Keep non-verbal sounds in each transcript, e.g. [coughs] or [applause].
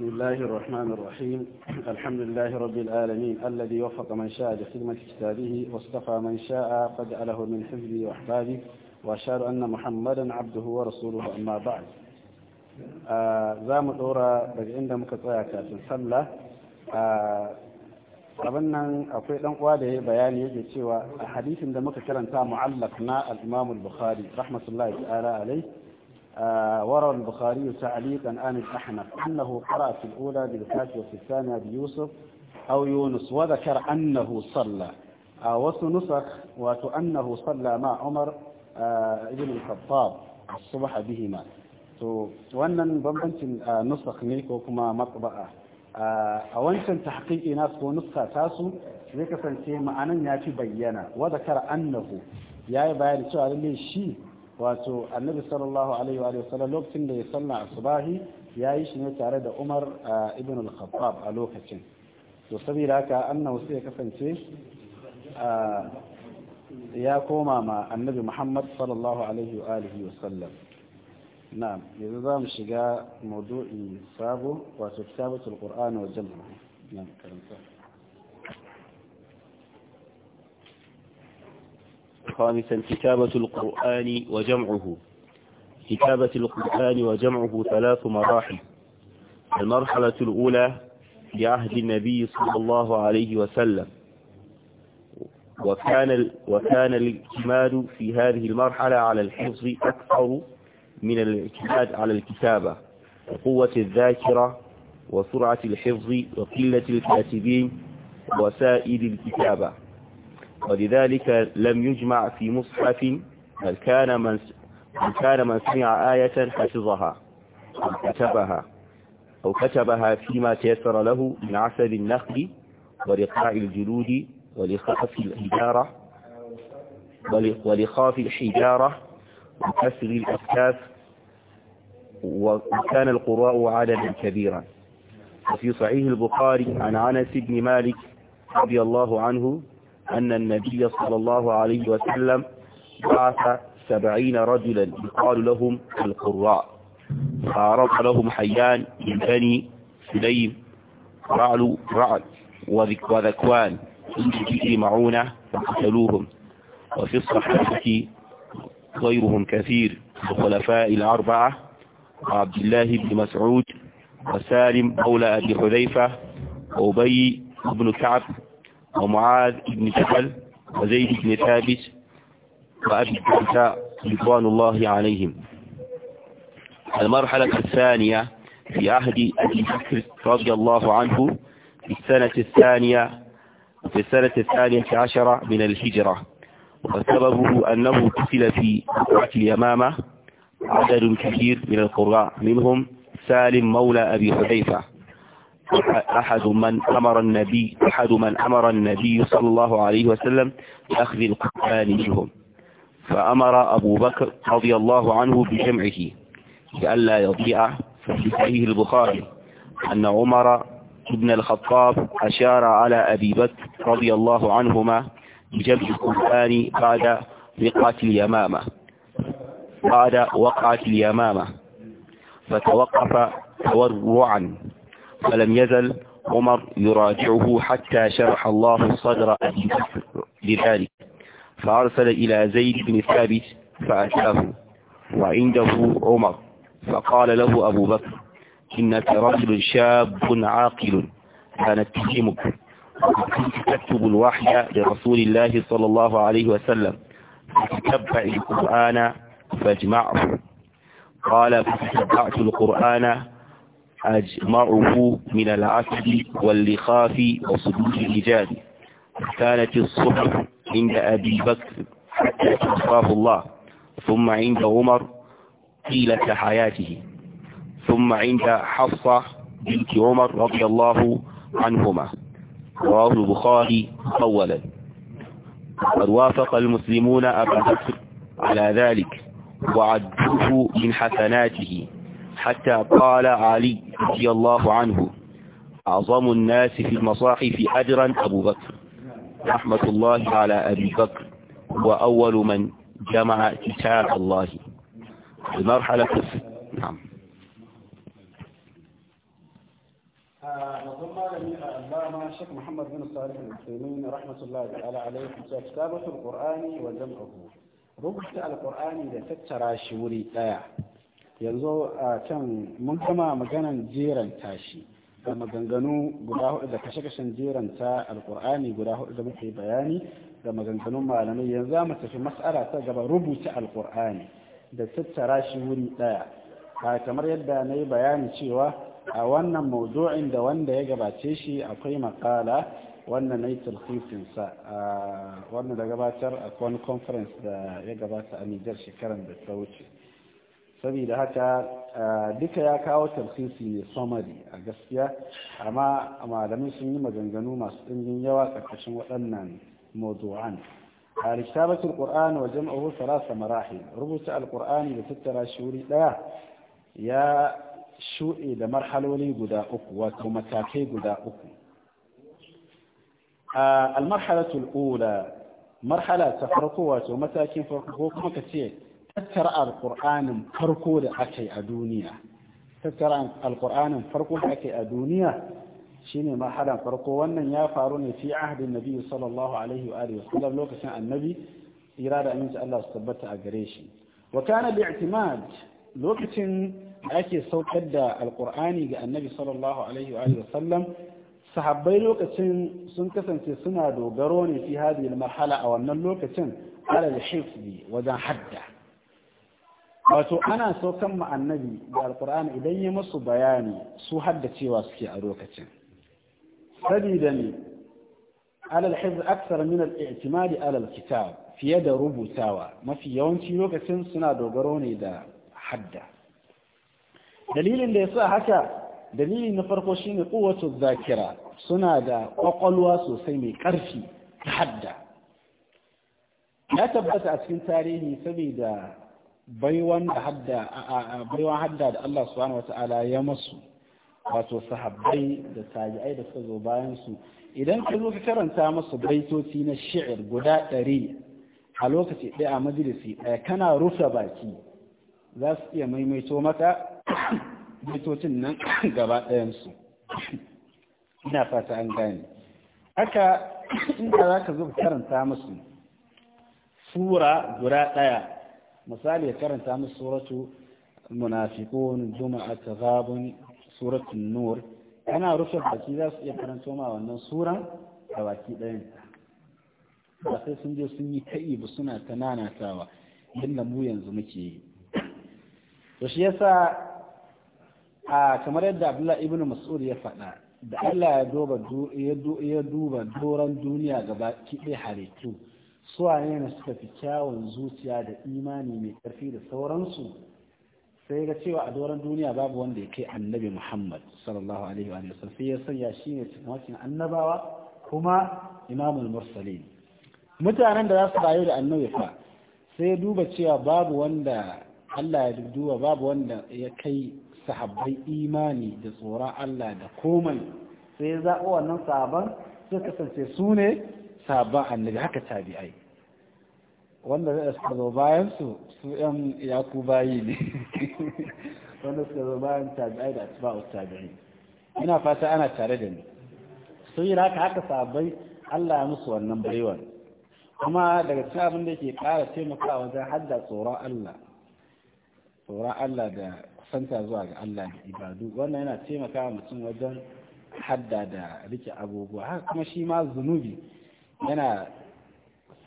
بسم الله الرحمن الرحيم الحمد لله رب العالمين الذي وفق من شاء لخدمة كتابه واصطفى من شاء فجعله من حفظه وأحبابه وأشهد أن محمدا عبده ورسوله أما بعد za mu ɗora daga inda muka tsaya kafin sallah abin nan akwai ɗan uwa da ya bayani yake cewa a hadisin da muka karanta mu'allaf na al rahmatullahi ta'ala alai وروى البخاري تعليقا عن الأحنف أنه قرأ في الأولى بالكاف وفي الثانية بيوسف أو يونس وذكر أنه صلى وسنسخ وأنه صلى مع عمر ابن الخطاب الصبح بهما wannan bambancin nusakh ne ko kuma matba'a a wancan tahqiqi na ko nuska tasu zai kasance ma'anan ya fi bayyana wa zakara annahu yayi bayani shi wato annabi sallallahu alaihi wa sallam lokacin da ya sanna asubahi ya yi shi ne tare da umar ibn al-khattab a lokacin to saboda haka annabi sai ya kasance ya koma ma annabi muhammad sallallahu alaihi wa alihi sallam na'am yanzu za mu shiga maudu'i sabo wato kitabatul qur'ani wa jama'a na'am karanta خامسا كتابة القرآن وجمعه كتابة القرآن وجمعه ثلاث مراحل المرحلة الأولى في عهد النبي صلى الله عليه وسلم وكان وكان الاعتماد في هذه المرحلة على الحفظ أكثر من الاعتماد على الكتابة وقوة الذاكرة وسرعة الحفظ وقلة الكاتبين وسائل الكتابة ولذلك لم يجمع في مصحف بل كان من بل كان من سمع آية حفظها أو كتبها أو كتبها فيما تيسر له من عسل النخل ورقاع الجلود ولخاف الحجارة ولخاف الحجارة وكسر الأكتاف وكان القراء عددا كبيرا وفي صحيح البخاري عن انس بن مالك رضي الله عنه أن النبي صلى الله عليه وسلم بعث سبعين رجلا يقال لهم القراء فعرض لهم حيان من بني سليم رعل رعل وذكوان في معونة فقتلوهم وفي الصحابة غيرهم كثير الخلفاء الأربعة وعبد الله بن مسعود وسالم أولى أبي حذيفة وأبي بن كعب ومعاذ بن جبل وزيد بن ثابت وأبي الدرداء رضوان الله عليهم المرحلة الثانية في عهد أبي بكر رضي الله عنه في السنة الثانية في السنة الثانية عشرة من الهجرة وسببه أنه قتل في قطعة اليمامة عدد كثير من القراء منهم سالم مولى أبي حذيفة أحد من أمر النبي أحد من أمر النبي صلى الله عليه وسلم بأخذ القرآن منهم فأمر أبو بكر رضي الله عنه بجمعه لئلا يضيع في صحيح البخاري أن عمر بن الخطاب أشار على أبي بكر رضي الله عنهما بجمع القرآن بعد وقعة اليمامة بعد وقعة اليمامة فتوقف تورعا فلم يزل عمر يراجعه حتى شرح الله صدر أبي بكر لذلك فأرسل إلى زيد بن ثابت فأتاه وعنده عمر فقال له أبو بكر إنك رجل شاب عاقل فنتهمك وكنت تكتب الوحي لرسول الله صلى الله عليه وسلم فتتبع القرآن فاجمعه قال فتتبعت القرآن أجمعه من العسل واللخاف وصدور الرجال كانت الصحف عند أبي بكر حتى توفاه الله ثم عند عمر طيلة حياته ثم عند حفصة بنت عمر رضي الله عنهما رواه البخاري أولا وقد وافق المسلمون أبا بكر على ذلك وعدوه من حسناته حتى قال علي رضي الله عنه أعظم الناس في المصاحف أجرا أبو بكر رحمة الله على أبي بكر وأول من جمع كتاب الله المرحلة نعم ثم آه، العلامة الشيخ محمد بن صالح العثيمين رحمة الله تعالى عليه كتابة القرآن وجمعه rubuta القرآن إذا تترى شوري yanzu a can mun kama maganan jeran tashi da maganganu guda hudu da kashe-kashen jeranta alkur'ani guda hudu da muke bayani da maganganun malamai yanzu za mu tafi mas'ala ta gaba rubuta alkur'ani da tattara shi wuri daya a kamar yadda na yi bayani cewa a wannan maudu'in da wanda ya gabace shi akwai makala wannan na yi sa a wannan da gabatar a wani conference da ya gabata a nijar shekaran da ta wuce saboda haka eh, duka ya kawo tarfisi ne somari a gaskiya amma malamai sun yi maganganu masu ɗimbin yawa ƙarƙashin waɗannan mawdu'an a littabatul qur'an wa jam'uhu thalatha marahil rubuta alqur'ani da tattara shi wuri ɗaya ya shuɗe da marhaloli guda uku wato matakai guda uku a almarhalatul ula marhala ta farko wato matakin farko kuma ka ce tattara alƙur'anin farko da aka yi a duniya tattara alƙur'anin farko da aka yi a duniya shine marhalan farko wannan ya faru ne fi ahdin nabi sallallahu alaihi wa alihi wasallam lokacin annabi ira da aminci Allah su tabbata a gare shi wa kana bi'timad lokacin da ake saukar da alkur'ani ga annabi sallallahu alaihi wa alihi wasallam sahabbai lokacin sun kasance suna dogaro ne fi hadhihi marhala a wannan lokacin ala al-hifzi wajen hadda wato ana saukan ma annabi da alkur'ani idan ya masu bayani su haddacewa suke a lokacin sabida ne alal aksar min al i'timadi alal kitab fiye da rubutawa mafi yawanci lokacin suna dogaro ne da hadda dalilin da yasa haka dalili na farko shine quwwatu zakira suna da kwakwalwa sosai mai karfi ta hadda ya tabbata a cikin tarihi saboda baiwan hadda hadda da Allah subhanahu Ala ya masu wato sahabbai da tabi'ai da suka zo bayan su idan ka zo ka karanta masu baitoci na shi'ir guda ɗari a lokaci ɗaya a majalisi ɗaya kana rufe baki za su iya maimaito maka [coughs] baitocin nan [coughs] gaba ɗayansu [coughs] ina fata an gane haka inda za ka zo ka karanta masu sura guda ɗaya misali ya karanta musu suratu munafiqun juma'a taghabun suratu nur ana rufe baki za su iya karanto ma wannan suran da baki ɗayan ba sai sun je sun yi ta'i suna ta nanatawa inda mu yanzu muke yi to shi yasa a kamar yadda Abdullah ibn Mas'ud ya faɗa da Allah ya duba ya duba doran duniya gaba ki halittu suwaye ne suka fi kyawun zuciya da imani mai ƙarfi da sauransu sai ga cewa a doron duniya babu wanda ya kai annabi muhammad sallallahu alaihi wa sallam sai ya sanya shi ne cikin annabawa kuma imamul mursalin mutanen da za su rayu da annabi fa sai duba cewa babu wanda Allah ya duba babu wanda ya kai sahabbai imani da tsoron Allah da komai sai ya zaɓo wannan sahabban sai kasance su ne sabon annabi haka tabi'ai wanda zai suka zo bayan su su yan yaku bayi ne [laughs] wanda suka zo bayan tabi'ai da asba'u tabi'i ina fata ana tare da ni sun yi haka haka sabai Allah ya musu wannan baiwar kuma daga cikin abin da ke ƙara taimakawa wajen hadda tsoron Allah tsoron Allah da kusanta zuwa ga Allah da ibadu wannan yana taimakawa mutum wajen hadda da rike abubuwa haka kuma shi ma zunubi yana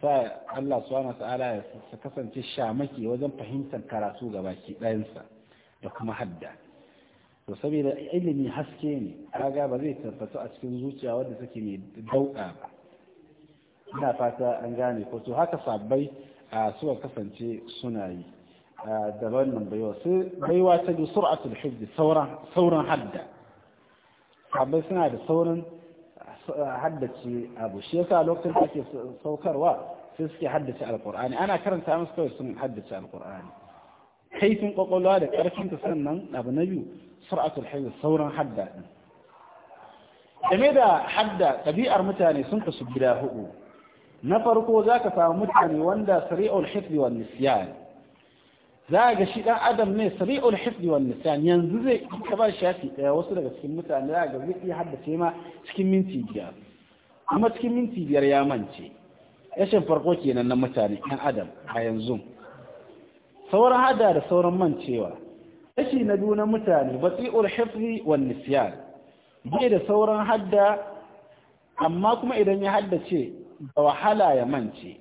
sa Allah subhanahu ta'ala ya kasance shamaki wajen fahimtar karatu ga baki ɗayansa da kuma hadda to saboda ilimi haske ne kaga ba zai tabbatu a cikin zuciya wanda take mai dauka ba ina fata an gane ko to haka sabbai a suka kasance suna yi da wannan baiwa sai baiwa ta bi sur'atul hifz sauran hadda sabbai suna da saurin haddace abu shi yasa lokacin da ake saukarwa sai suke haddace alkur'ani ana karanta musu kawai sun haddace alkur'ani kaifin kwakwalwa da karfin ta sannan abu na biyu sur'atul hayy sauran hadda din game da hadda ɗabi'ar mutane sun kasu gida hudu na farko zaka samu mutane wanda sari'ul hifzi wan nisyan za a ga shi dan adam ne sari'ul hifdi wal lisan yanzu zai ka ba shafi daya wasu daga cikin mutane za ga zai iya haddace ma cikin minti biyar kuma cikin minti biyar ya mance Yashin farko kenan na mutane ɗan adam a yanzu sauran hada da sauran mancewa rashi na biyu na mutane basi'ul hifzi wal nisyan bai da sauran hadda amma kuma idan ya haddace da wahala ya mance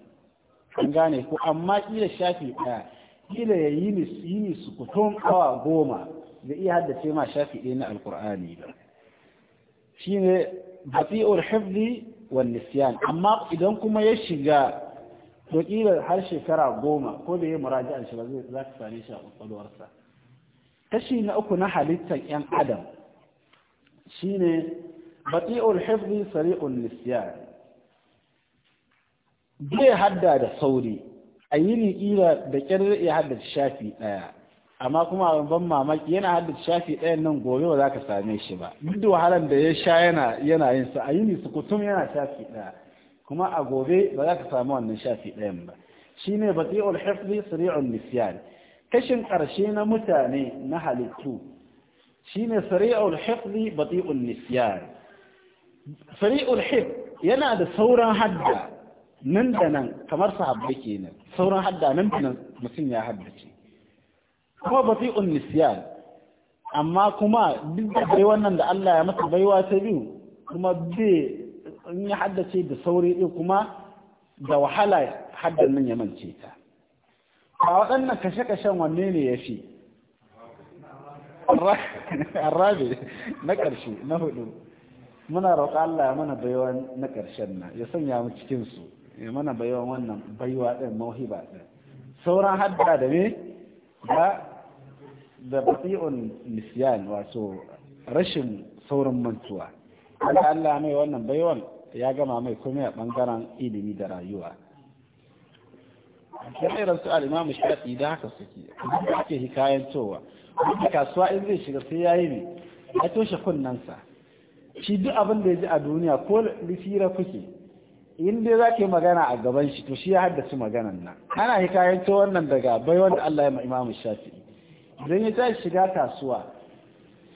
an gane ko amma kila shafi ɗaya kila ya yi ni sukutun awa goma da iya haddace ma shafi ɗaya na alkur'ani ba shi ne hifzi wal nisyan amma idan kuma ya shiga to kila har shekara goma ko da ya muraji an ba za ka same shi a kwakwalwarsa kashi na uku na halittar yan adam shi ne bati'ul hifzi sari'ul nisyan bai hadda da sauri a yini kila da kyar ya haddace shafi ɗaya amma kuma ban mamaki yana haddace shafi ɗayan nan gobe ba za ka same shi ba duk da wahalar da ya sha yana yana yin sa a yini sukutum yana shafi ɗaya kuma a gobe ba za ka samu wannan shafi ɗayan ba shine bati'ul hifzi sari'ul nisyan kashin ƙarshe na mutane na halittu shine sari'ul hifzi bati'ul nisyan sari'ul hifz yana da sauran hadda nan da nan kamar sahabbai kenan sauran hadda nan da nan mutum ya haddace kuma ba bati'un nisyan amma kuma duk da bai wannan da Allah ya masa baiwa ta biyu kuma bai in ya haddace da sauri din kuma da wahala haddan nan ya mance ta ba waɗannan kashe-kashen wanne ne ya fi arabe na ƙarshe na hudu muna roƙa Allah ya mana baiwa na ƙarshen nan ya sanya mu cikinsu ya mana baiwa wannan baiwa ɗin ba ɗin sauran hadda da me da da batsi'un nisiyan wato rashin saurin mantuwa Allah Allah mai wannan baiwan ya gama mai komai a bangaren ilimi da rayuwa sai rasu al-imam shafi da haka suke duk ake hikayantowa wanda kasuwa in zai shiga sai yayi ne ya toshe kunnansa shi duk abin da ya ji a duniya ko lifira kuke in dai za ka yi magana a gaban shi to shi ya haddasa maganan nan ana hikayanto wannan daga bai wanda Allah ya ma imamu shafi idan ya tashi shiga kasuwa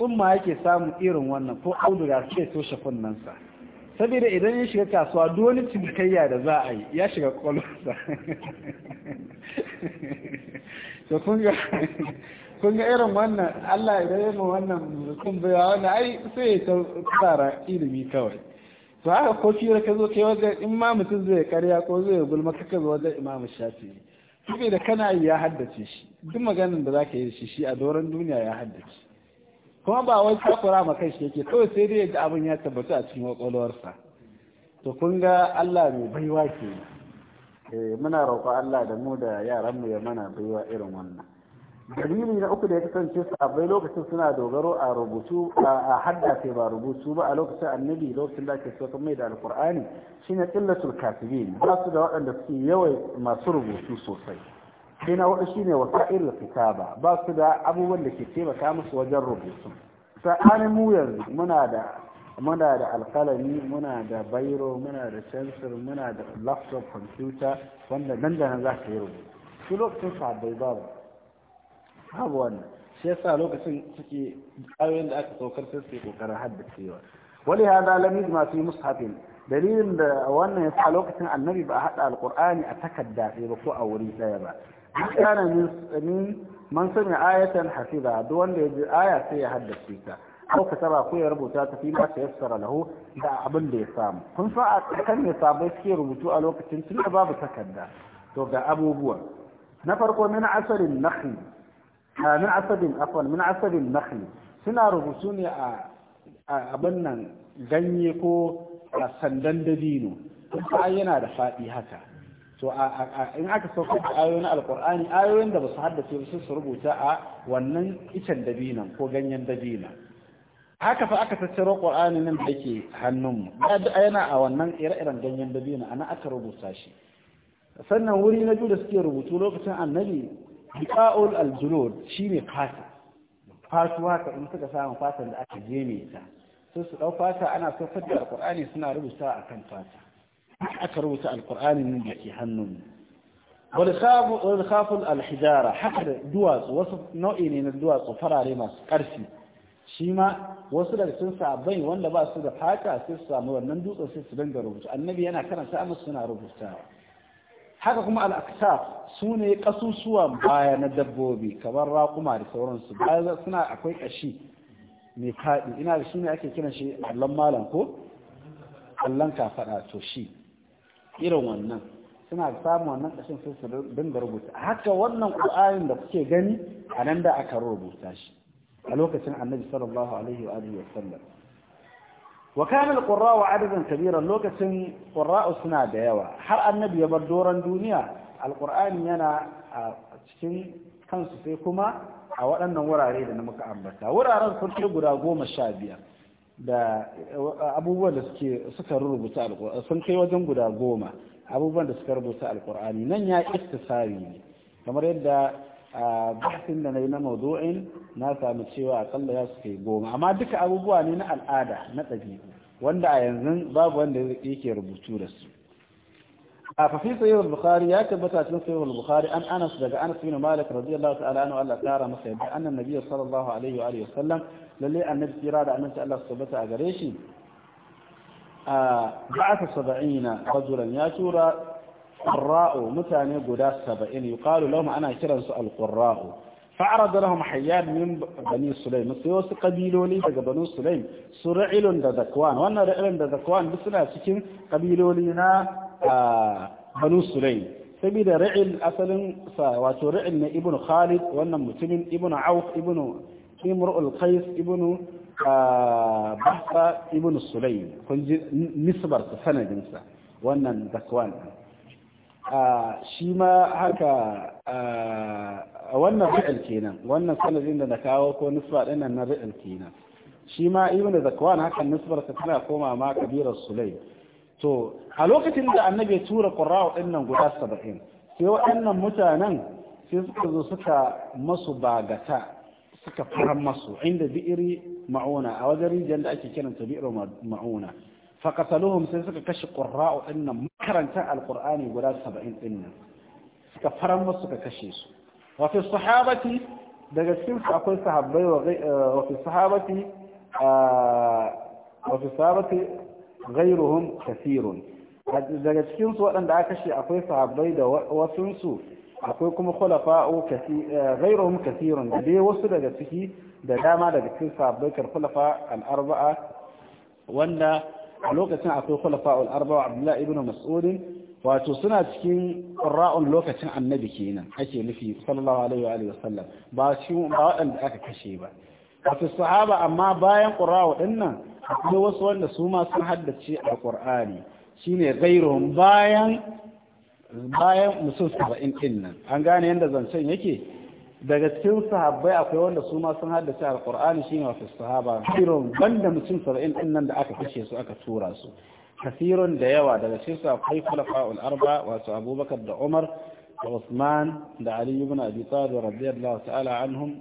umma yake samun irin wannan ko auduga suke toshe kunnansa saboda idan ya shiga kasuwa duk wani cinikayya da za a yi ya shiga kwalwarsa da [laughs] kun ga ga irin wannan Allah idan ya ma wannan mutum bai wannan ai sai ya tsara ilimi kawai to haka ko fira ka zo kai wajen in ma zai karya ko zai gulma ka ka zo wajen imamu shafi kuma da kana yi ya haddace shi duk maganin da za ka yi shi shi a doron duniya ya haddace kuma ba wai takura ma kai shi yake kawai sai dai yadda abin ya tabbata a cikin kwakwalwarsa to kun ga Allah mai baiwa ke eh, muna roƙo Allah da mu da yaran mu ya mana baiwa irin wannan dalili na uku da ya kasance sahabbai lokacin suna dogaro a rubutu a haddace ba rubutu ba a lokacin annabi lokacin da ake sokan mai da alkur'ani shine qillatul katibin ba su da waɗanda suke yawai masu rubutu sosai sai na waɗa shine wasa'ir kitaba ba su da abubuwan da ke taimaka musu wajen rubutu sa'anin mu yanzu muna da muna da alkalami muna da bairo muna da sensor muna da laptop computer wanda nan da nan za ka yi rubutu su lokacin sahabbai babu babu wannan shi yasa lokacin suke ayoyin da aka saukar sai suke kokarin haddacewa wani ya da masu yi mushafin dalilin da wannan ya sa lokacin annabi ba a haɗa alƙur'ani a takarda ɗaya ba ko a wuri ɗaya ba duk kana min man sami ayatan hasida duk wanda ya ji aya sai ya haddace ta ko ka saba ko ya rubuta ta fi ma yassara lahu da abin da ya samu kun sa a kan ne sabai suke rubutu a lokacin tun da babu takarda to ga abubuwa na farko min asalin nakhli من عصب afwan من عصب النخل suna rubutu ne a abin nan ganye ko a sandan dabino ai yana da faɗi haka to in aka sauka da ayoyin alkur'ani ayoyin da ba su haddace ba su rubuta a wannan icen dabinan ko ganyen dabinan haka fa aka tattaro qur'ani nan da yake mu, yana a wannan ire-iren ganyen dabinan ana aka rubuta shi sannan wuri na biyu da suke rubutu lokacin annabi biqa'ul al shi shine fata fatuwa ka in suka samu fatan da aka jeme ta sai su dau fata ana saukar da alqur'ani suna rubuta a kan fata aka rubuta al nan dake hannun wal khafu wal al-hijara haka duwatsu wasu nau'i ne na duwatsu farare masu ƙarfi shi ma wasu daga cikin sabai wanda ba su da fata sai su samu wannan dutsen sai su dinga rubuta annabi yana karanta amma suna rubutawa haka kuma al'aksar su ne ƙasusuwan baya na dabbobi kamar raƙuma da sauransu baya suna akwai ƙashi mai faɗi ina da su ne ake kiran shi allon malam ko allon kafaɗa to shi irin wannan suna samun wannan ƙashin sai su dinga rubuta haka wannan ƙur'anin da kuke gani a nan da aka rubuta shi a lokacin annabi sallallahu alaihi wa sallam wa kana wa adadan kabira lokacin qurra'u suna da yawa har annabi ya bar doran duniya alqur'ani yana a cikin kansu sai kuma a waɗannan wurare da na muka ambata wuraren sun kai guda goma sha biyar da abubuwan da suke suka rubuta alqur'ani sun kai wajen guda goma abubuwan da suka rubuta alqur'ani nan ya istisari ne kamar yadda a bahasin da na yi na mawdu'in na samu cewa akalla ya su kai goma amma duka abubuwa ne na al'ada na ɗabi'u wanda a yanzu babu wanda yake rubutu da su a fafi sayyid al-bukhari ya tabbata cikin sayyid al-bukhari an anas daga anas bin malik radiyallahu ta'ala anhu Allah tsara masa yadda annan nabiy sallallahu alaihi wa alihi wasallam lalle annabi kira da annabi Allah tabbata a gare shi a ba'atha 70 rajulan ya tura qurra'u mutane guda 70 yuqalu lahum ana kiransu al-qurra'u fa'arada lahum hayyan min bani sulaim sai wasu kabiloli daga bani sulaim su ra'ilun da zakwan wannan ra'ilun da zakwan duk suna cikin kabiloli na bani sulaim saboda ra'il asalin sa wato ra'il na ibnu khalid wannan mutumin ibnu auf ibnu imru al-qais ibnu bahsa ibnu sulaim kun ji nisbar sanadinsa wannan zakwan shi ma haka a wannan ri'il kenan wannan sanadin da na kawo ko nisba ɗin nan na ri'il kenan shi ma ibn zakwan haka nisbar ta tana koma ma kabirar sulai to a lokacin da annabi ya tura qurra'u ɗin nan guda saba'in sai waɗannan mutanen sai suka zo suka masu bagata suka fara masu inda bi'iri ma'una a wajen rijiyar da ake kiranta bi'ir ma'una faƙasaluhum sai suka kashe ƙurra'u ɗinnan makarantar alƙur'ani guda saba'in nan suka faran masu suka kashe su wafi sahabati daga cikin su akwai sahabbai wafi sahabati wafi sahabati ghairuhum kasirun daga cikin su waɗanda aka kashe akwai sahabbai da wasunsu akwai kuma khulafa'u ghairuhum kasirun da dai wasu daga ciki da dama daga cikin sahabbai kar khulafa al-arba'a wanda a lokacin akwai al'arba arba'a Abdullahi ibn Masudin wato suna cikin ra'un lokacin annabi kenan ake nufi sallallahu alaihi wa sallam ba shi ba waɗanda aka kashe ba wato sahaba amma bayan qura'u dinnan akwai wasu wanda su ma sun haddace alqur'ani shine ghairuhum bayan bayan musul 70 din nan an gane yanda zancen yake daga cikin sahabbai akwai wanda su ma sun haddace alqur'ani shine wato sahaba kirun banda mutum 70 din nan da aka fice su aka tura su kasirun da yawa daga cikin su akwai khulafa'ul arba wato abubakar da umar da usman da ali ibn abi talib radiyallahu ta'ala anhum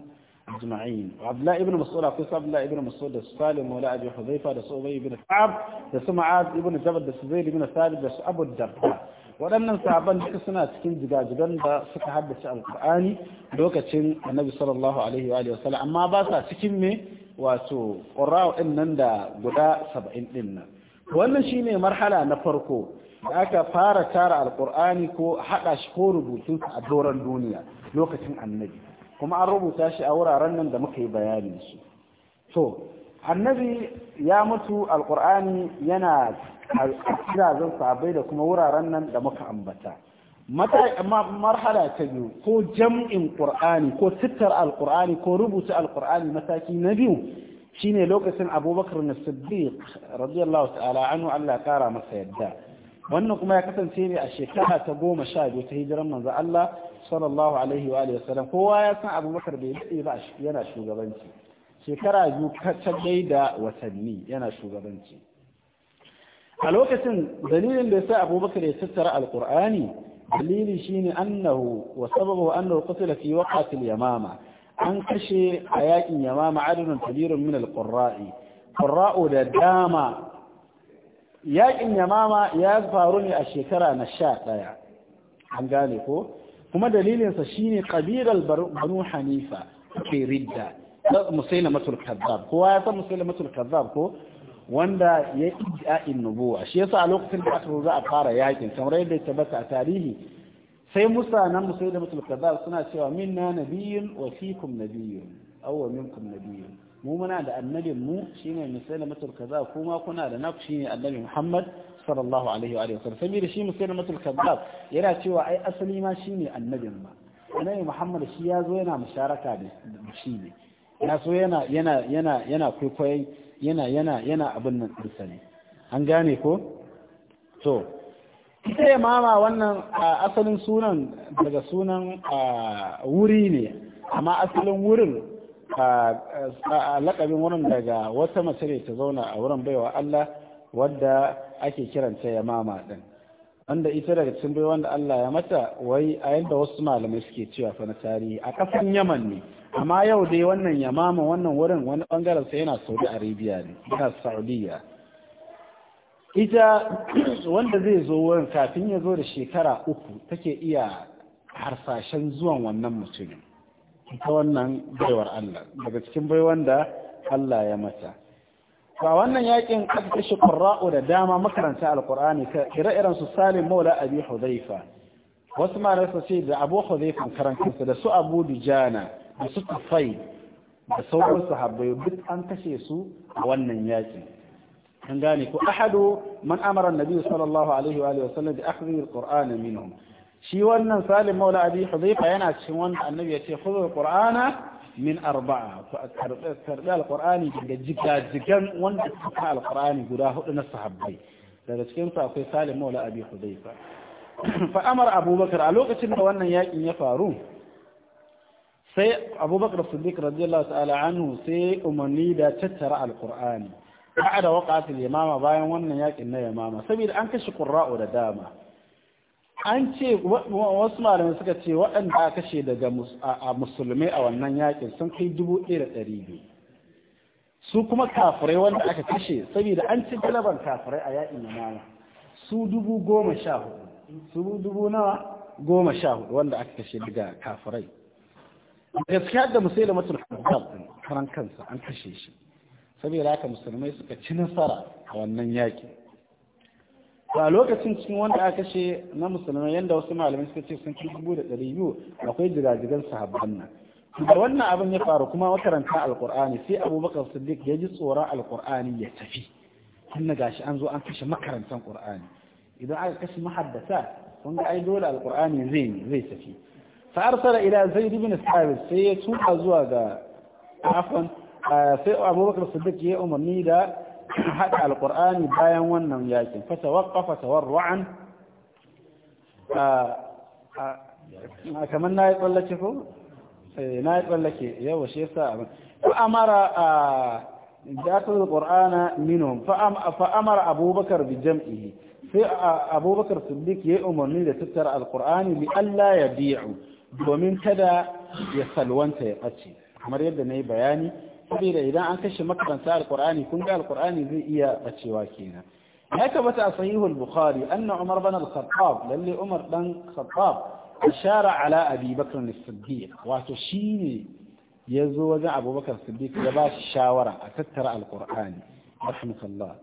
ajma'in abdullah ibn mas'ud akwai abdullah ibn mas'ud da salim wala abi hudhaifa da su ubay ibn ka'ab da su ma'az ibn jabal da su zaid ibn thabit da su abu darda waɗannan sabon duka suna cikin jigajigan da suka haddace alkur'ani lokacin annabi sallallahu alaihi wa sallam amma ba sa cikin me wato qurra'u ɗin nan da guda saba'in ɗin nan wannan shine marhala na farko da aka fara tara alkur'ani ko haɗa shi ko rubutun a doron duniya lokacin annabi kuma an rubuta shi a wuraren nan da muka yi bayanin su to annabi ya mutu alkur'ani yana gidajen sabai da kuma wuraren nan da muka ambata marhala ta biyu ko jam'in qur'ani ko sittar alkur'ani ko rubuta alkur'ani mataki na biyu shine lokacin abubakar na siddiq radiyallahu ta'ala Anu allah kara masa yadda wannan kuma ya kasance ne a shekara ta goma sha biyu ta hijiran manzo allah sallallahu alaihi wa sallam kowa ya san abubakar bai daɗe ba yana shugabanci shekara biyu kacagai da watanni yana shugabanci a lokacin dalilin da ya sa abubakar ya tattara alkur'ani dalili shine annahu wa sababu annahu qutila fi waqatil yamama an kashe a yakin yamama adadun kabirun min qurrai qurra'u da dama yakin yamama ya faru ne a shekara na ɗaya an gane ko kuma dalilinsa shine kabilar banu hanifa ke ridda musailamatul kazzab kowa ya san musailamatul kazzab ko wanda ya ija'in nubuwa shi yasa a lokacin da aka za a fara yakin kamar yadda ta bata a tarihi sai musa nan na musailamatul kazzab suna cewa minna nabiyyun wa fikum nabiyyun aw wa minkum nabiyyun mu muna da annabin mu shine musailamatul kazzab kuma kuna da naku shine annabi muhammad sallallahu alaihi wa alihi wasallam saboda shi musailamatul kazzab yana cewa ai asali ma shine annabin ma annabi muhammad shi ya zo yana musharaka da shi ne ya so yana yana yana yana kwaikwayon yana yana yana abin nan ɗinsa ne an gane ko to ita mama wannan asalin sunan daga sunan wuri ne amma asalin wurin lakabin wurin daga wata mace ta zauna a wurin baiwa Allah wadda ake kiranta ya mama din wanda ita daga cikin bai wanda Allah ya mata wai a yadda wasu malamai suke cewa fa na tarihi a kasan Yaman ne amma yau dai wannan Yamama wannan wurin wani bangaren sa yana Saudi Arabia ne yana Saudiya ita [clears throat] wanda zai zo wurin kafin ya zo da shekara uku take iya harsashen zuwan wannan mutumin ta wannan baiwar Allah daga cikin bai da Allah ya mata ba wannan yakin aka kashe qurra'u da dama makaranta alqur'ani ka ire-iren su Salim Maula Abi Hudhaifa wasu marasa ce da Abu Hudhaifa karan kansa da su Abu Dujana da su Tufai da sauran sahabbai duk an kashe su a wannan yakin. an gane ko ahadu man amara annabi sallallahu alaihi wa alihi wasallam bi akhdhi alqur'ana minhum shi wannan Salim Maula Abi Hudhaifa yana cikin wanda annabi ya ce khudhu alqur'ana min arba'a karɓi alƙur'ani daga jigajigan wanda suka alƙur'ani guda hudu na sahabbai daga cikin su akwai salim maula abi hudaifa [clears throat] fa amara abubakar a lokacin da wannan yakin ya faru sai abubakar siddiq radiyallahu ta'ala anhu sai umarni da tattara alƙur'ani ba'da waqa'at al-yamama bayan wannan yakin na yamama saboda an kashe qurra'u da dama an ce wasu malamai suka ce waɗanda aka kashe daga musulmai a wannan yakin sun kai dubu ɗaya da ɗari biyu su kuma kafirai wanda aka kashe saboda an ci galaban kafirai a yakin mana, su dubu goma sha hudu su dubu nawa goma sha hudu wanda aka kashe daga kafirai gaskiya da musaila matul hazzab din karan kansa an kashe shi saboda haka musulmai suka ci nasara a wannan yakin Ba lokacin cikin wanda aka kashe na musulmai yadda wasu malamai suka ce sun fi dubu da ɗari biyu akwai jigajigan sahabban nan da wannan abin ya faru kuma makaranta alkur'ani sai abubakar siddiq ya ji tsoron alkur'ani ya tafi tun gashi an zo an kashe makarantar qur'ani idan aka kashe mahaddata kun ga ai dole alkur'ani zai zai tafi fa arsala ila zaid ibn sabit sai ya tuka zuwa ga afwan sai abubakar siddiq ya umarni da haɗa alƙur'ani bayan wannan yakin fasa waƙafa tawarru'an kamar na yi tsallake ko? Eh, na yi tsallake yawa shi yasa abin fa'amara a jatar ƙur'ana minhum fa'amara abubakar bi jam'ihi sai abubakar siddiq ya umarni da tattara alƙur'ani li Allah ya bi'u domin kada ya salwanta ya ɓace kamar yadda na yi bayani saboda idan an kashe makaranta alqur'ani kun ga alqur'ani zai iya bacewa kenan haka bata sahihul bukhari anna umar bin al-khattab lalle umar dan khattab ashara ala abi bakr as-siddiq wato shine yazo wajen abubakar siddiq ya ba shi shawara a tattara alqur'ani rahmatullah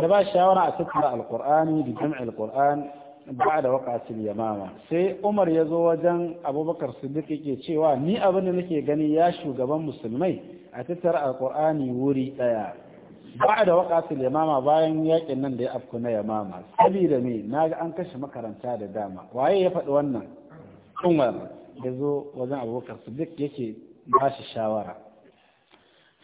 da ba shawara a tattara alqur'ani da jam'i alqur'an ba da waƙatil yamama sai umar ya zo wajen abubakar siddiq yake cewa ni abin da nake gani ya shugaban musulmai a tattar alkur'ani wuri daya. ba da waƙatil yamama bayan yakin nan da ya afku na yamama sabida me na ga an kashe makaranta da dama waye ya faɗi wannan umar ya zo wajen abubakar siddiq yake ba shi shawara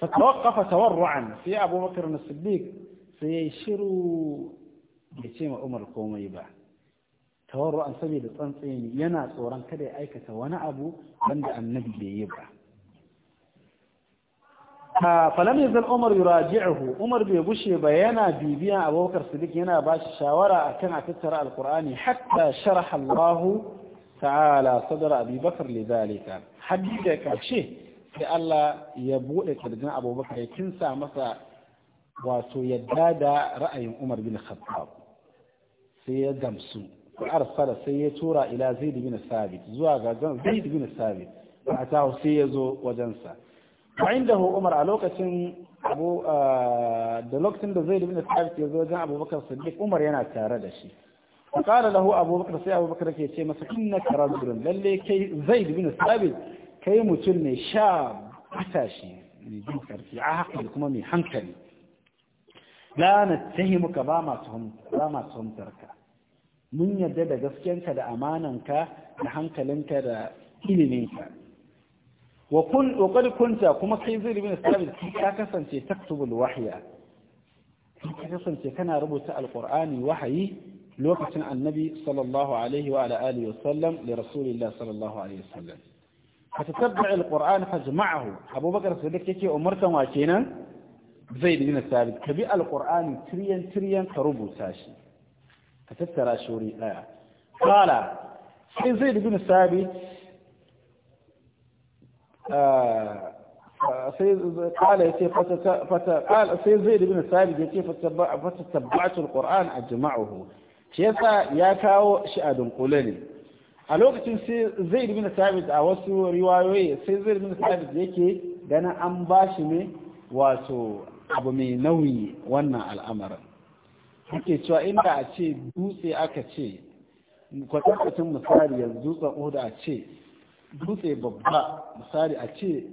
fatawaqafa tawarru'an sai abubakar siddiq sai ya shiru bai ce ma umar komai ba tawarru'an saboda tsantsaye yana tsoron kada ya aikata wani abu wanda annabi bai yi ba falam zan umar yuraji'uhu umar bai gushe ba yana bibiyan abubakar siddiq yana ba shi shawara kan a tattara alkur'ani hatta sharaha Allah ta'ala sadra abubakar bakr lidhalika hadda karshe sai Allah ya bude kirjin abubakar ya kinsa masa wato yadda da ra'ayin umar bin khattab sai ya gamsu فأرسل سيتورا إلى زيد بن الثابت زواغا زيد بن الثابت فأتاه سيزو وجنسا وعنده عمر ألوكة أبو آه، دلوقت دلوكة زيد بن الثابت يزوجا أبو بكر الصديق عمر ينا تاردشي فقال له أبو بكر سي أبو بكر كي تيمس إنك رجل للي كي زيد بن الثابت كي متلني شاب عتاشي أتاشي يعني جنكر في عاقل آه، كمامي حنكلي لا نتهمك باما تهم باما تهم تركه mun yarda da gaskiyanka da amananka da hankalinka da iliminka wa kun wa qad kunta kuma kai zai bin sabit ka kasance taktubul wahya ka kasance kana rubuta alqur'ani wahayi lokacin annabi sallallahu alaihi wa ala alihi wasallam li rasulillah sallallahu alaihi wasallam فتتبع القرآن فاجمعه أبو بكر صديق يكي أمرتا واكينا زيد بن ثابت كبيع القرآن تريا ka rubuta shi. ka tattara shi wuri ɗaya kala sai zai da bin sabit ah, sai fata kala sai zai da bin sabit yace fata tabbatu alquran ajma'uhu shi yasa ya kawo shi a dunkule ne a lokacin sai zai bin sabit a wasu riwayoyi sai zai bin sabit yake gana an ba shi ne wato abu mai nauyi wannan al'amarin muke cewa inda a ce dutse aka ce kwatankwacin misali yanzu dutsen oda a ce dutse babba misali a ce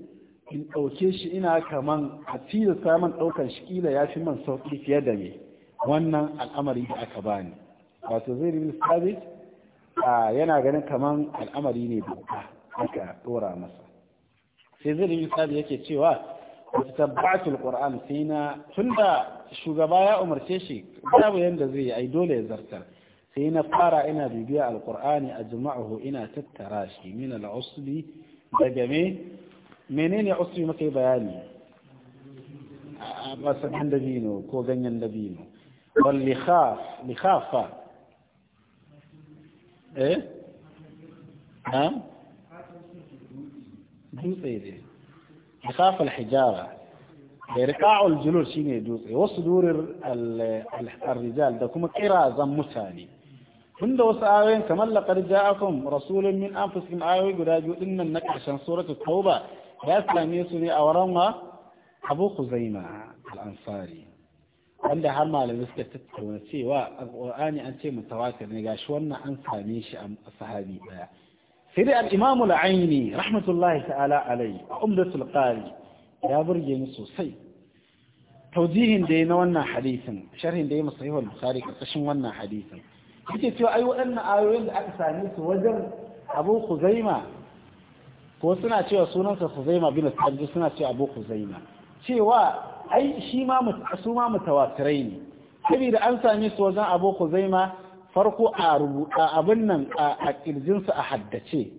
in ɗauke shi ina kaman a cizo samun ɗaukar shi ƙila ya fi man sauƙi fiye da ne wannan al'amari da aka bani wato zai rubin sabit yana ganin kaman al'amari ne babba aka ɗora masa sai zai rubin sabit yake cewa tabbacin ƙur'an sai na tun da shugaba ya umarce shi babu yadda zai yi ai dole ya zartar sai na fara ina bibiya alƙur'ani a jima'ahu ina tattara shi min al'usli daga me menene usli muka yi bayani a masakan dabino ko ganyen dabino wal likhafa eh ha dutse dai hisaf al-hijara irqa'u al shine dutse wasu durir al da kuma kirazan mutane tunda wasu ayoyin kamar laqad ja'akum rasulun min anfusikum ayoyi guda biyu dinnan na karshen suratul tauba ya same su ne a wurin wa abu khuzaima al-ansari wanda har malamai suka tattauna cewa alqur'ani an ce mutawatir ne gashi wannan an same shi a sahabi daya sai dai al'imamu la'aini rahmatullahi ta'ala alai a umdatul ya burge ni sosai taujihin da ya na wannan hadisin sharhin da ya masu sahihul bukhari karkashin wannan hadisin yake cewa ai waɗannan ayoyin da aka same su wajen abu kuzaima ko suna cewa sunansa kuzaima bin sabbi suna cewa abu kuzaima cewa ai shi ma mutawatirai ne sabida an same su wajen abu kuzaima farko a rubuta abin nan a kirjinsu a haddace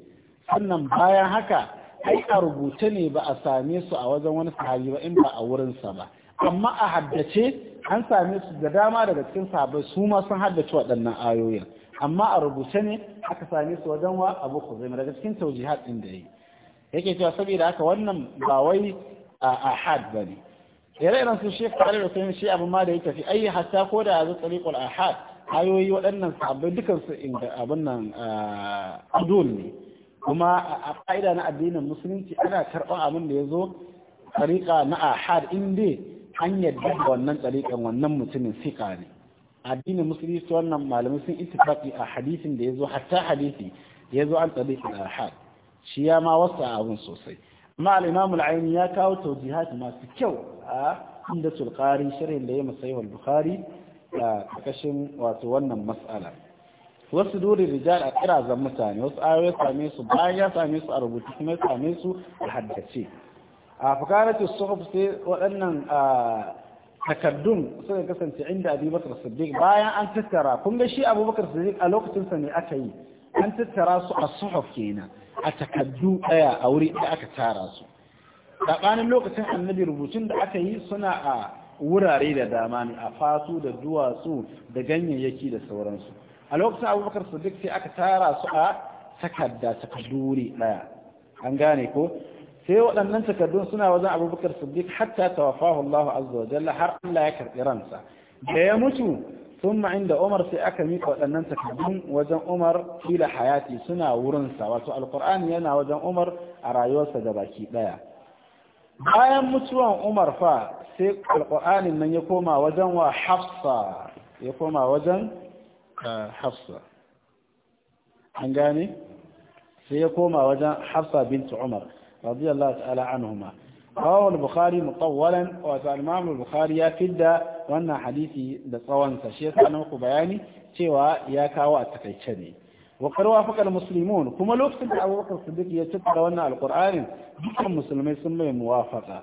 sannan bayan haka ai a rubuce ne ba a same su a wajen wani sahabi ba in ba a wurinsa ba amma a haddace an same su da dama daga cikin sahabai su ma sun haddace waɗannan ayoyin amma a rubuce ne aka same su wajen wa abu kuzaima daga cikin taujihat ɗin da yi yake cewa saboda haka wannan ba wai a ahad ba ne ire iran su shekaru da sun shi abin ma da ya tafi ayi hatta ko da ya zo tsariƙul ahad ayoyi waɗannan sahabbai dukansu inda abin nan adol ne kuma a fa'ida na addinin musulunci ana karɓar abin da ya zo tsariƙa na ahad in dai an yadda da wannan tsariƙan wannan mutumin siƙa ne addinin musulunci wannan malamin sun ittifaqi a hadisin da ya zo hatta hadisi ya zo an tsariƙa ahad shi ya ma wasu abin sosai amma al aini ya kawo tawjihat masu kyau a inda sulqari shirin da ya masayar bukhari a ƙarƙashin wato wannan matsala wasu duri rijal a kirazan mutane wasu ayoyi same su bayan ya same su a rubutu kuma ya same su a haddace a fakaratu suhuf sai waɗannan takaddun suka kasance inda abubakar siddiq bayan an tattara kun ga shi abubakar siddiq a lokacin sa ne aka yi an tattara su a suhuf kenan a takardu ɗaya a wuri da aka tara su tsakanin lokacin annabi rubutun da aka yi suna a wurare da dama ne a fasu da duwatsu da ganyayyaki da sauransu a lokacin abubakar siddiq sai aka tara su a takarda wuri daya an gane ko sai waɗannan takardun suna wajen abubakar siddiq hatta tawafahu wafahullahu azza wa jalla har Allah ya karɓi ransa da ya mutu ثم inda Umar sai aka mika waɗannan takardun wajen Umar ila hayati suna wurin sa wato alqur'ani yana wajen Umar a rayuwarsa da baki daya bayan mutuwan Umar fa sai alƙur'anin nan ya koma wajen wa hafsa ya koma wajen hafsa an gane sai ya koma wajen hafsa binti umar radiyallahu ta'ala anhuma رواه البخاري مطولا وإمام البخاري يا فدا وأن حديثي لطوان سشيس أنا cewa ya kawo a takaice ne wa karwa fakar muslimun kuma lokacin da abubakar siddiq ya tattara wannan alqur'anin dukkan musulmai sun mai muwafaka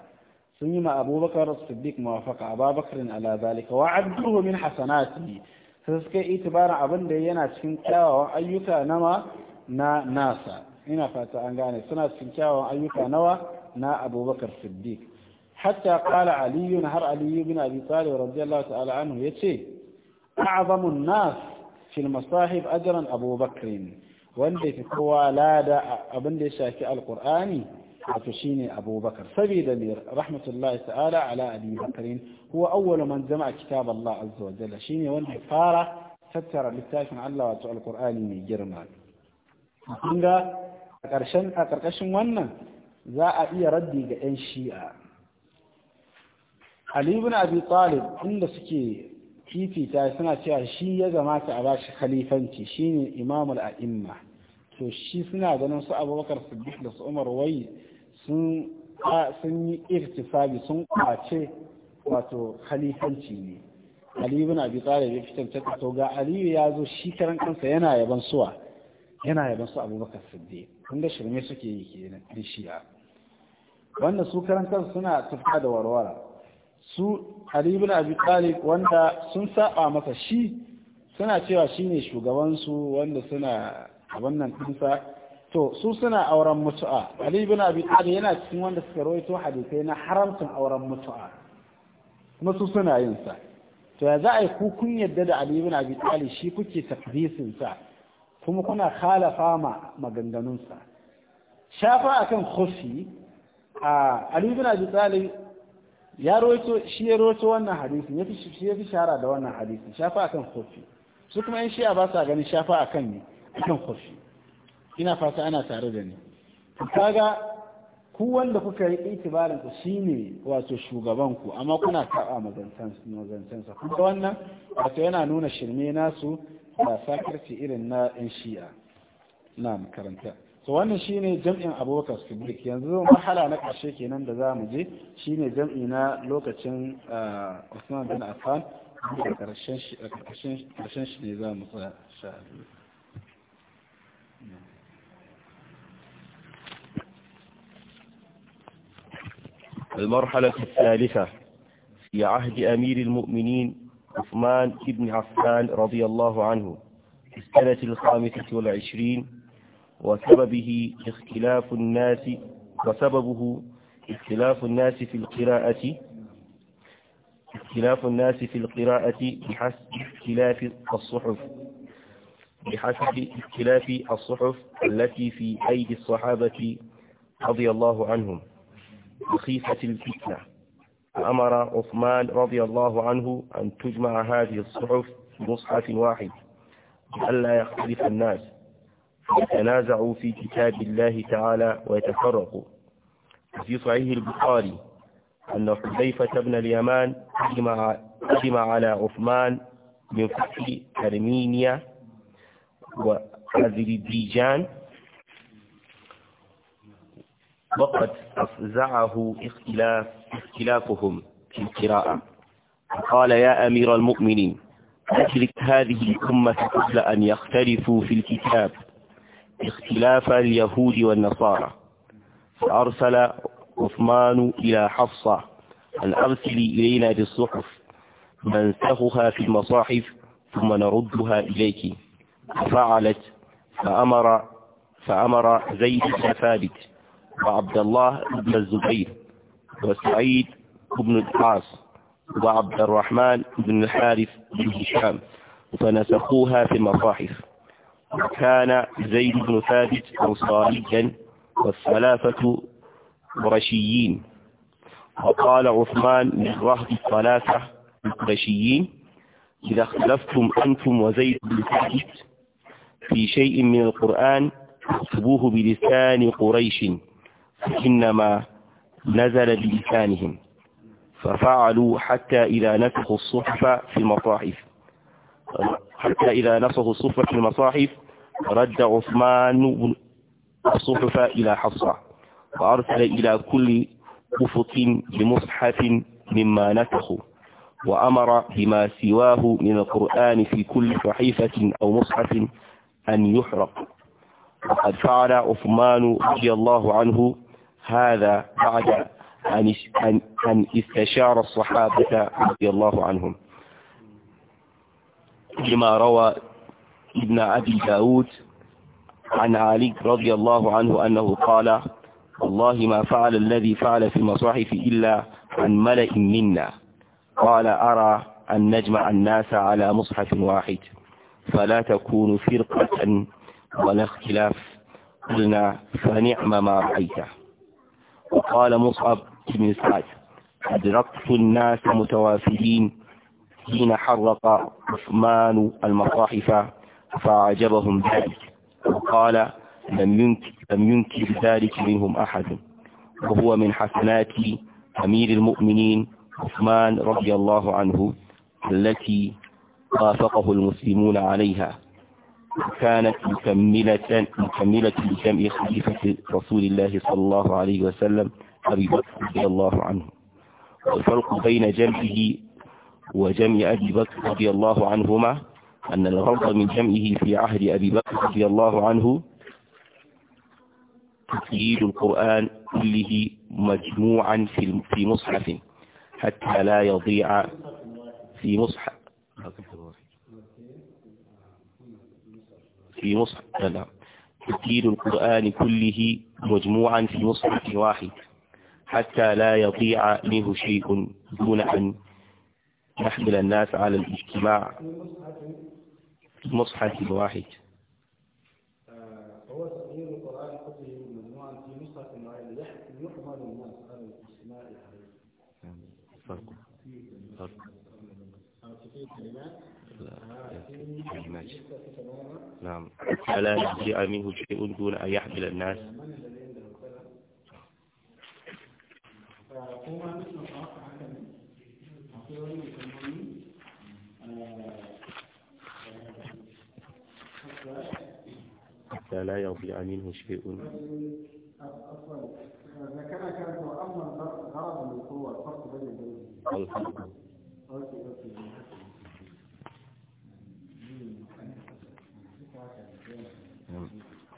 sun yi ma abubakar siddiq mawafaka ababakar ala zalika wa abduhu min hasanati sai suka yi itibarin abin da yana cikin kyawawan ayyuka nawa na nasa ina fata an gane suna cikin kyawawan ayyuka nawa na abubakar siddiq hatta qala na har ali bin abi talib radiyallahu ta'ala anhu yace a'zamun nas fil masahib ajran abubakarin. wanda fi kowa lada abin da ya shafi alqur'ani wato shine abubakar saboda ne rahmatullahi ta'ala ala abi bakarin huwa awwalu man jama'a kitab Allah azza wa jalla shine wanda fara tattara littafin Allah wato alkur'ani mai girma a ƙarshen a ƙarƙashin wannan za a iya raddi ga 'yan shi'a Ali ibn Abi Talib inda suke fifita suna cewa shi ya zamata a bashi khalifanci shine imamul a'imma to shi suna ganin su abubakar siddiq da su umar wai sun yi irtisabi sun kwace wato halifanci ne aliyu bin abi talib ya fitar to ga aliyu ya zo shi karan kansa yana yaban suwa yana yaban su abubakar siddiq kun da shirme suke yi kenan din shi'a wannan su karan kansa suna tafka da warwara su aliyu bin abi talib wanda sun saba masa shi suna cewa shine shugabansu wanda suna abin tunsa to su suna auren mutu'a ali bin abi talib yana cikin wanda suka rawaito hadisai na haramcin auren mutu'a kuma su suna yin sa to ya za a yi ku kun yadda da ali bin abi talib shi kuke takdisin sa kuma kuna khalafa ma maganganun sa shafa akan khusi a ali bin abi talib ya rawaito shi ya rawaito wannan hadisi, ya fi shi ya fi shara da wannan hadisi, shafa akan khusi su kuma in shi'a ba sa ganin shafa akan ne kwafi ina fata ana tare da ni kaga ku wanda kuka yi itibarin ku shine wato shugaban ku amma kuna taɓa mazantansa kuma wannan wato yana nuna shirme nasu da sakarci irin na yan shi'a na makaranta so wannan shine jam'in abubakar siddiq yanzu mahala na ƙarshe kenan da za mu je shine jam'i na lokacin ah, usman bin affan da ƙarshen shi ne za mu tsaya المرحلة الثالثة في عهد أمير المؤمنين عثمان بن عفان رضي الله عنه في السنة الخامسة والعشرين وسببه اختلاف الناس وسببه اختلاف الناس في القراءة اختلاف الناس في القراءة بحسب اختلاف الصحف بحسب اختلاف الصحف التي في أيدي الصحابة رضي الله عنهم وخيفة الفتنة فأمر عثمان رضي الله عنه أن تجمع هذه الصحف مصحف واحد لئلا يختلف الناس يتنازعوا في كتاب الله تعالى ويتفرقوا وفي صحيح البخاري أن حذيفة بن اليمان أجمع على عثمان من فتح أرمينيا وأذربيجان وقد أفزعه اختلاف اختلافهم في القراءة قال يا أمير المؤمنين أشرك هذه الأمة قبل أن يختلفوا في الكتاب اختلاف اليهود والنصارى فأرسل عثمان إلى حفصة أن أرسلي إلينا بالصحف ننسخها في المصاحف ثم نردها إليك ففعلت فأمر فأمر زيد بن ثابت وعبد الله بن الزبير وسعيد بن العاص وعبد الرحمن بن الحارث بن هشام فنسخوها في المصاحف وكان زيد بن ثابت أنصاريا والثلاثة قرشيين وقال عثمان من رهب الثلاثة القرشيين إذا اختلفتم أنتم وزيد بن ثابت في شيء من القرآن اكتبوه بلسان قريش إنما نزل بلسانهم ففعلوا حتى إذا نسخوا الصحف في المصاحف حتى إذا نسخوا الصحف في المصاحف رد عثمان الصحف إلى حصة وأرسل إلى كل أفق بمصحف مما نسخوا وأمر بما سواه من القرآن في كل صحيفة أو مصحف أن يحرق وقد فعل عثمان رضي الله عنه هذا بعد أن استشار الصحابة رضي الله عنهم لما روى ابن أبي داود عن علي رضي الله عنه أنه قال والله ما فعل الذي فعل في المصاحف إلا عن ملئ منا قال أرى أن نجمع الناس على مصحف واحد فلا تكون فرقة ولا اختلاف قلنا فنعم ما رأيته وقال مصعب بن سعد أدركت الناس متوافدين حين حرق عثمان المصاحف فأعجبهم ذلك وقال لم ينكر, لم ينكر ذلك منهم أحد وهو من حسنات أمير المؤمنين عثمان رضي الله عنه التي وافقه المسلمون عليها كانت مكملة مكملة لجمع خليفة رسول الله صلى الله عليه وسلم أبي بكر رضي الله عنه والفرق بين جمعه وجمع أبي بكر رضي الله عنهما أن الغرض من جمعه في عهد أبي بكر رضي الله عنه تقييد القرآن كله مجموعا في مصحف حتى لا يضيع في مصحف في مصحف نعم. تبديل القرآن كله مجموعا في مصحف واحد حتى لا يضيع منه شيء دون أن يحمل الناس على الاجتماع في مصحف واحد Thank آه، you. المجد نعم فلا يجزئ منه شيء دون أن يحمل الناس حتى لا يضيع منه شيء ذكرنا كان هو أما الغرض القوة الفرق بين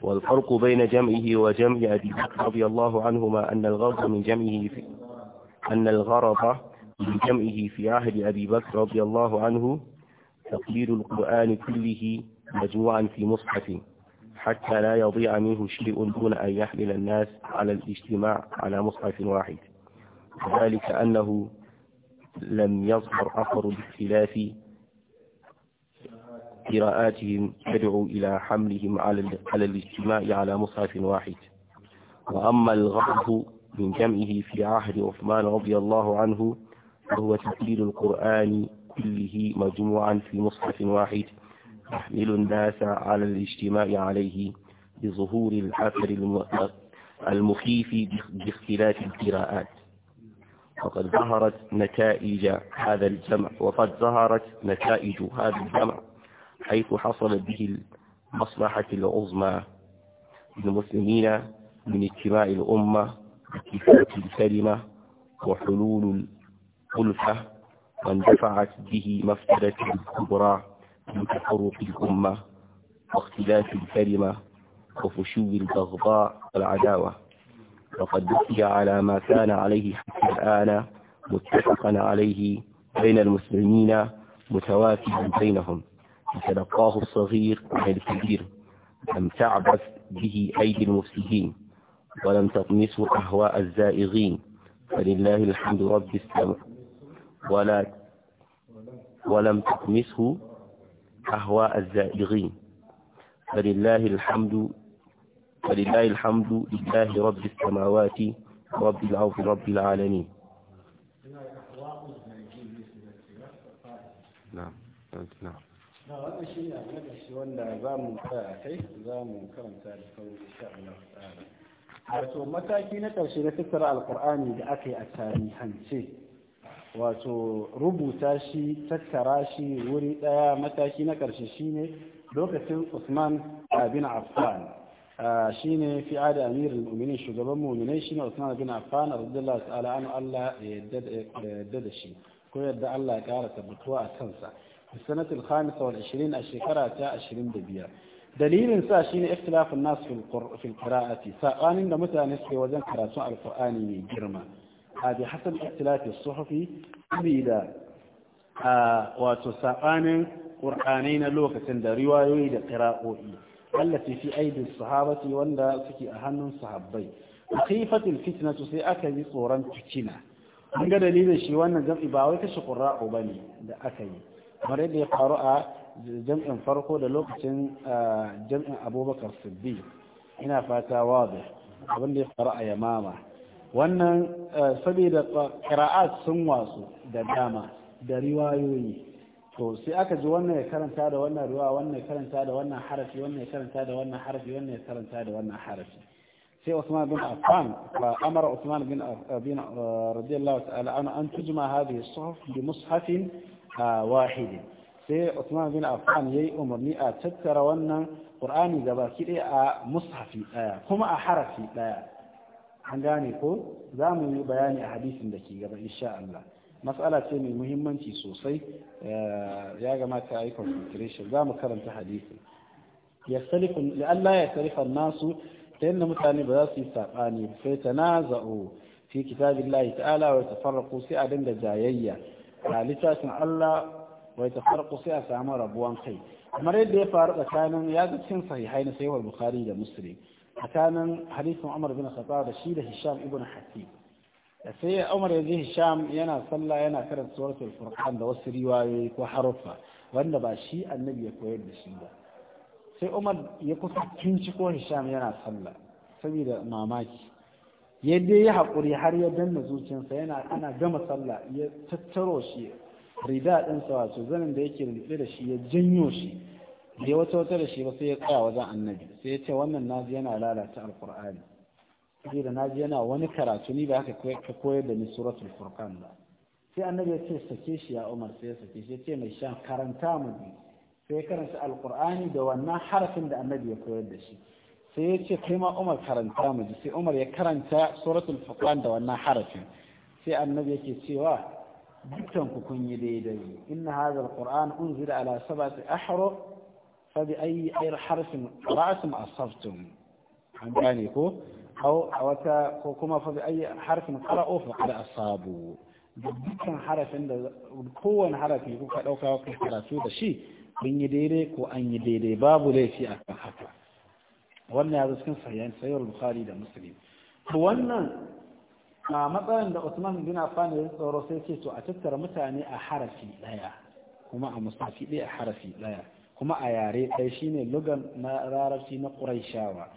والفرق بين جمعه وجمع أبي بكر رضي الله عنهما أن الغرض من جمعه في أن الغرض من جمعه في عهد أبي بكر رضي الله عنه تقليل القرآن كله مجموعا في مصحف حتى لا يضيع منه شيء دون أن يحمل الناس على الاجتماع على مصحف واحد وذلك أنه لم يظهر أثر الاختلاف قراءاتهم تدعو إلى حملهم على على الاجتماع على مصحف واحد وأما الغرض من جمعه في عهد عثمان رضي الله عنه فهو تقليل القرآن كله مجموعا في مصحف واحد يحمل الناس على الاجتماع عليه بظهور الحفر المخيف باختلاف القراءات وقد ظهرت نتائج هذا الجمع وقد ظهرت نتائج هذا الجمع حيث حصل به المصلحة العظمى للمسلمين من اجتماع الأمة واتفاق الكلمة وحلول الألفة واندفعت به مفترة الكبرى من تفرق الأمة واختلاف الكلمة وفشو البغضاء والعداوة وقد بقي على ما كان عليه حتى الآن متفقا عليه بين المسلمين متوافقا بينهم تلقاه الصغير عن الكبير لم تعبث به أيدي المفسدين ولم تطمسه أهواء الزائغين فلله الحمد رب السماء ولا ولم تطمسه أهواء الزائغين فلله الحمد فلله الحمد لله رب السماوات رب العرض رب العالمين نعم نعم wannan shi ne na ƙarshe wanda za mu kai a kai za mu karanta da sauri insha Allah ta'ala wato mataki na ƙarshe na tattara alkur'ani da aka yi a tarihance wato rubuta shi tattara shi wuri ɗaya mataki na ƙarshe ne lokacin usman bin affan shine fi ada amirin mu'minin shugaban mu'minai shine usman bin affan radiyallahu ta'ala anhu Allah ya yarda da shi ko yadda Allah ya ƙara tabbatuwa a kansa a shekara ta ashirin da دبيا dalilin sa shine ikhtilafun nas fil qira'ati sabanin da mutane suke wajen karatu alqur'ani mai girma a bi hasan ikhtilafi suhufi sabida a wato sabanin qur'anai na lokacin da riwayoyi da qira'o'i allati fi aidin sahabati wanda suke a hannun sahabbai khifatil fitnatu sai aka yi tsoron fitina an ga dalilin shi wannan jam'i ba wai kashe qura'u bane da aka yi kamar yadda ya faru a jam'in farko da lokacin jam'in abubakar siddi ina fata wabe abinda ya faru a yamama wannan saboda kira'at sun wasu da dama da riwayoyi to sai aka ji wannan ya karanta da wannan ruwa wannan ya karanta da wannan harafi wannan ya karanta da wannan harafi wannan ya karanta da wannan harafi sai Usman bin Affan wa amara Usman bin bin radiyallahu ta'ala an an tujma hadhihi as-suhuf bi mushafin a wahid sai Usman bin ya yi umarni a tattara wannan Qur'ani gabaki ɗaya a mushafi ɗaya kuma a harafi ɗaya an gane ko za mu yi bayani a hadisin da ke gaba insha Allah matsala ce mai muhimmanci sosai ya gamata a yi concentration za mu karanta hadisin la'alla ya sarifan nasu ta yadda mutane ba za su yi saɓani sai ta naza'o fi kitabin ta'ala wa tafarraku sai a dinga jayayya ga littafin Allah wai ta farko sai a samu rabuwan kai kamar yadda ya faru tsakanin ya ga cin sahihai na sayyid bukhari da muslim tsakanin hadisin umar bin khattab da shi da hisham ibn hatib da sai umar yaji hisham yana sallah yana karanta suratul furqan da wasu riwayoyi ko haruffa wanda ba shi annabi ya koyar da shi ba sai umar ya kusa ko hisham yana sallah saboda mamaki ya dai ya haƙuri har ya danna zuciyarsa yana ana gama sallah ya tattaro shi rida ɗinsa wato zanen da yake rufe da shi ya janyo shi bai wata wata da shi ba sai ya tsaya wajen annabi sai ya ce wannan naji yana lalata alƙur'ani sai da naji yana wani karatu ni ba haka ka koyar da ni suratul furqan ba sai annabi ya ce sake shi ya umar sai ya sake shi ya ce mai shan karanta mu sai ya karanta alkur'ani da wannan harafin da annabi ya koyar da shi sai ya ce kai ma umar karanta mu ji sai umar ya karanta suratul furqan da wannan harafin sai annabi yake cewa dukkan ku kun yi daidai inna hadha alquran unzila ala sab'ati ahruf fa bi ayyi ayr harfin qara'tum asabtum an gane ko aw wata ko kuma fa bi ayyi harfin qara'u fa qad asabu dukkan harafin da kowane harafi kuka dauka kuka karatu da shi kun yi daidai ko an yi daidai babu laifi akan haka wannan ya zo cikin sahihan sayyid bukhari da muslim to wannan a matsayin da Usman bin Affan ya tsoro sai ce to a tattara mutane a harafi daya kuma a musafi daya a harafi daya kuma a yare ɗaya shine lugan na rarrafi na Qurayshawa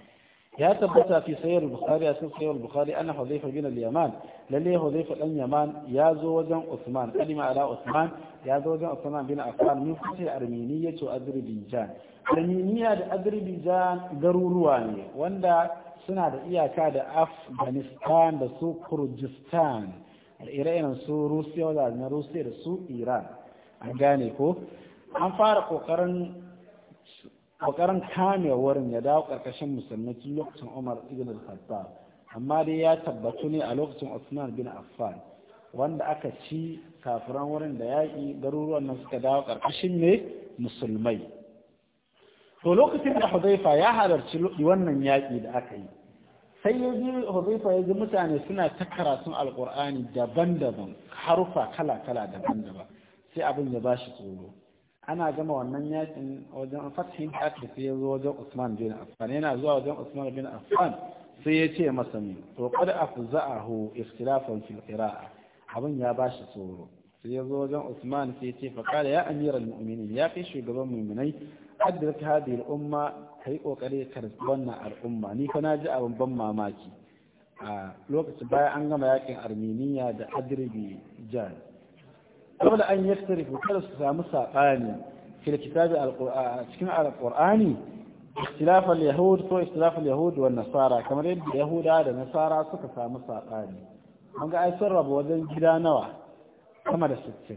ya tabbata fi sayar bukhari a cikin sayar bukhari ana huzaifa bin al-yaman lalle huzaifa dan yaman ya zo wajen usman kalima ala usman ya zo wajen usman bin affan min fice armeniya to azerbaijan armeniya da azerbaijan garuruwa ne wanda suna da iyaka da afghanistan da su kurdistan da ire-iren su rusiya da na rusiya da su iran an gane ko an fara kokarin kokarin kame wurin ya dawo karkashin musulmi lokacin Umar ibn al-Khattab amma dai ya tabbatu ne a lokacin Usman bin Affan wanda aka ci kafiran wurin da yaƙi garuruwan nan suka dawo karkashin ne musulmai to lokacin da Hudhaifa ya halarci wannan yaƙi da aka yi sai ya ji Hudhaifa ya ji mutane suna ta karatun Alƙur'ani daban-daban harufa kala-kala daban-daban sai abin ya ba shi tsoro ana gama wannan yakin wajen fathin haka sai ya zo wajen Usman bin Affan yana zuwa wajen Usman bin Affan sai ya ce masa ne to qad afza'ahu ikhtilafan fil qira'a abin ya bashi tsoro sai ya zo wajen Usman sai ya ce fa qala ya amiral mu'minin ya fi shugaban mu'minai adrak hadhihi al-umma kai kokari ka wannan al'umma ni na ji abin ban mamaki a lokacin baya an gama yakin Armeniya da Adribijan kada su samu كذا سامو ساقاني في الكتاب cikin القرآن istilafar Yahudu, ko yahudu wa Nasara, kamar yadda yahuda da nasara suka samu saɓani an ga aisar rabu wajen gida nawa sama da 60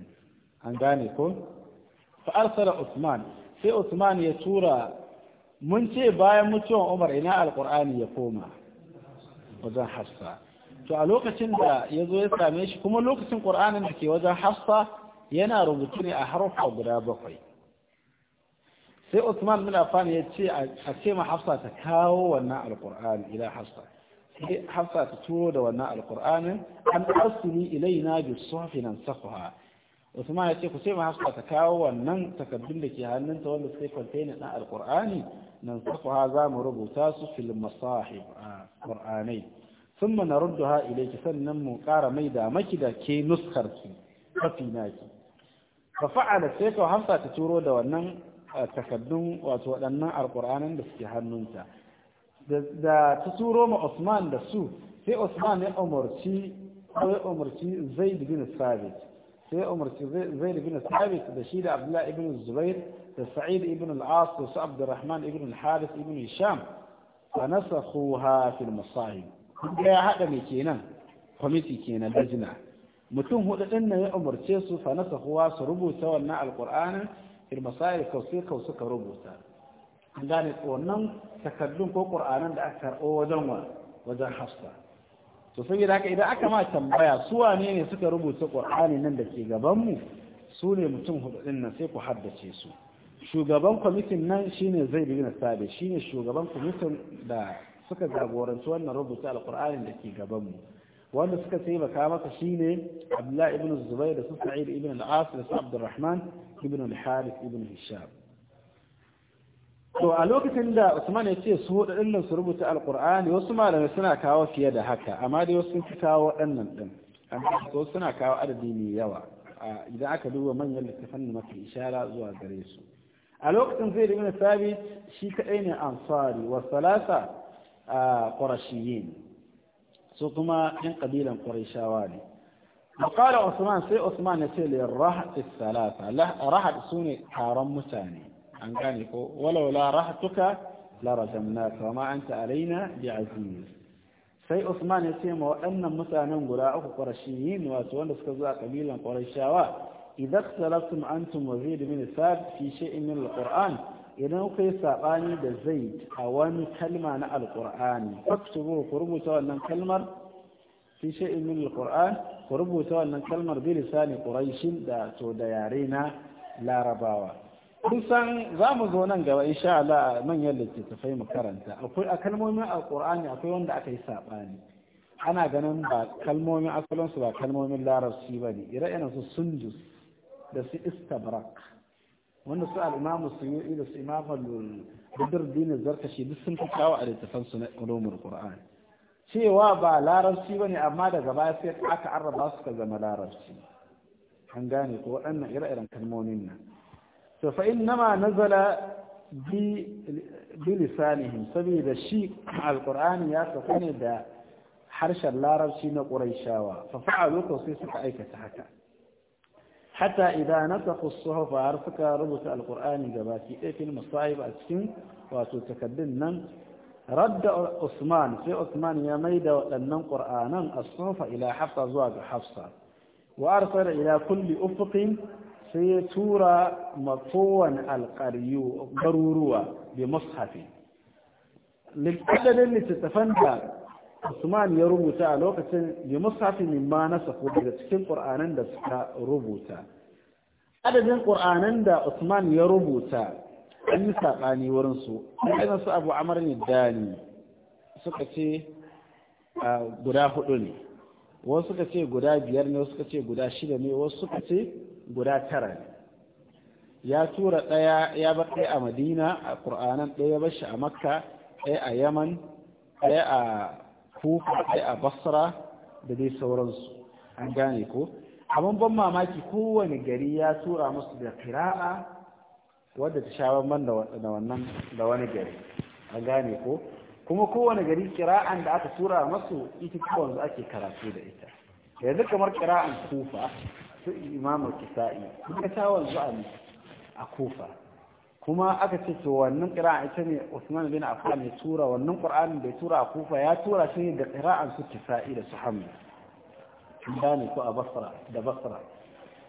an gane ko Fa'arsa da usman sai usman ya tura mun ce bayan mutuwan umar ina Alƙur'ani ya koma wajen hafsa to a lokacin da ya zo ya same shi kuma lokacin ƙur'anin da ke wajen hafsa yana rubutu ne a harfa guda bakwai sai Usman bin Affan ya ce a ce ma hafsa ta kawo wannan alƙur'ani ila hafsa sai hafsa ta turo da wannan alƙur'anin an arsuli ilaina bi safinan safaha Usman ya ce ku ce ma hafsa ta kawo wannan takardun da ke hannunta wanda sai container ɗin alƙur'ani nan safaha za mu rubuta su fil masahib qur'anai sun mana ruddu ha ilaiki sannan mu ƙara mai da maki da ke nuskarki mafi naki ka fa'ala sai ka hamsa ta turo da wannan eh, takaddun wato waɗannan alƙur'anin da suke hannunta da ta turo ma Usman da su sai Usman ya umarci umarci Zaid bin Sabit sai umarci Zaid bin Sabit da shi da Abdullah ibn Zubair da Sa'id ibn al-As da ibn al-Harith ibn Hisham fa nasakhuha fi masahib kuma ya haɗa mai kenan kwamiti kenan lajina mutum hudu ɗin nan ya umarce su fa na sahuwa su rubuta wannan alƙur'anin ilmasayar kausai kau suka rubuta an gane wannan takardun ko ƙur'anin da aka karɓo wajen wa wajen hafsa to da haka idan aka ma tambaya su wane ne suka rubuta ƙur'ani nan da ke gabanmu su ne mutum hudu ɗin nan sai ku haddace su shugaban kwamitin nan shine zai bi na sabe shine shugaban kwamitin da suka jagoranci wannan rubuta alkur'anin da ke gabanmu wanda suka taimaka maka shine abdullahi ibn zubair da su sa'id ibn al da su abdurrahman ibn al-harith ibn hisham to a lokacin da usman ya ce su hudu dinnan su rubuta alkur'ani wasu malamai suna kawo fiye da haka amma dai wasu sun kawo waɗannan din amma so suna kawo adadi mai yawa idan aka duba manyan littafan da mafi ishara zuwa gare su a lokacin zai da ibn shi kaɗai ne ansari wa salasa a ƙorashiyin su kuma yan ƙabilan ƙorashawa ne maƙalar usman sai usman ya ce le rahat salata rahat su ne taron mutane an gane ko walaula rahatuka la rajamna ka ma anta alaina bi aziz sai usman ya ce ma waɗannan mutanen guda uku ƙorashiyin wato wanda suka zo a ƙabilan ƙorashawa idan salatum antum wa zaid bin fi shay'in min quran idan yi saɓani da zai a wani kalma na alƙur'ani aktubu ku rubuta wannan kalmar fi shay'in min alƙur'an ku rubuta wannan kalmar bi lisani quraishin da to da yare na larabawa kusan za mu zo nan gaba insha Allah manyan littattafai mu karanta akwai a kalmomin alƙur'ani akwai wanda aka yi saɓani ana ganin ba kalmomin asalinsu ba kalmomin larabci ba ne ire-iren su sundus da su istabrak wanda su al'imamu su yi da su imamu budur dini zarkashi duk sun kawo a littafan su na ulumul qur'an cewa ba larabci bane amma daga baya sai aka arraba su ka zama larabci an gane ko waɗannan ire-iren kalmomin nan to fa innama nazala bi bilisanihim saboda shi alqur'ani ya sauka ne da harshen larabci na quraishawa fa fa'alu ko sai suka aikata haka hatta idan nasakhu suhufa har suka rubuta alqur'ani gabaki ɗaya fil musahib a cikin wato takaddun nan radda Usman sai Usman ya maida waɗannan qur'anan as-suhufa ila Hafsa zuwa ga Hafsa wa arsala ila kulli sai ya tura makowan alƙaryu garuruwa bi mushafi adadin littattafan da usman ya rubuta a lokacin ya musafi min ma nasahu daga cikin qur'anan da suka rubuta adadin qur'anan da usman ya rubuta an yi sabani wurin su an su abu Amr ne dani suka ce guda hudu ne wasu suka ce guda biyar ne wasu suka ce guda shida ne wasu suka ce guda tara ne ya tura ɗaya ya bar ɗaya a madina a Qur'anan ɗaya ya bar shi a makka ɗaya a yaman ɗaya a kufa ai a basra da dai sauransu an gane ko amma ban mamaki kowane gari ya tura musu da kira'a wadda ta sha man da wannan da wani gari an gane ko kuma kowane gari kira'an da aka tura masu ita wanzu ake karatu da ita yanzu kamar kira'an kufa su imamu kisa'i duka ta wanzu a kufa kuma aka ce to wannan ƙira'a ita ne Usman bin Affan ya tura wannan Qur'anin da ya tura a Kufa ya tura shi ne da ƙira'an su Tisa'i da su Hamza ko a Basra da Basra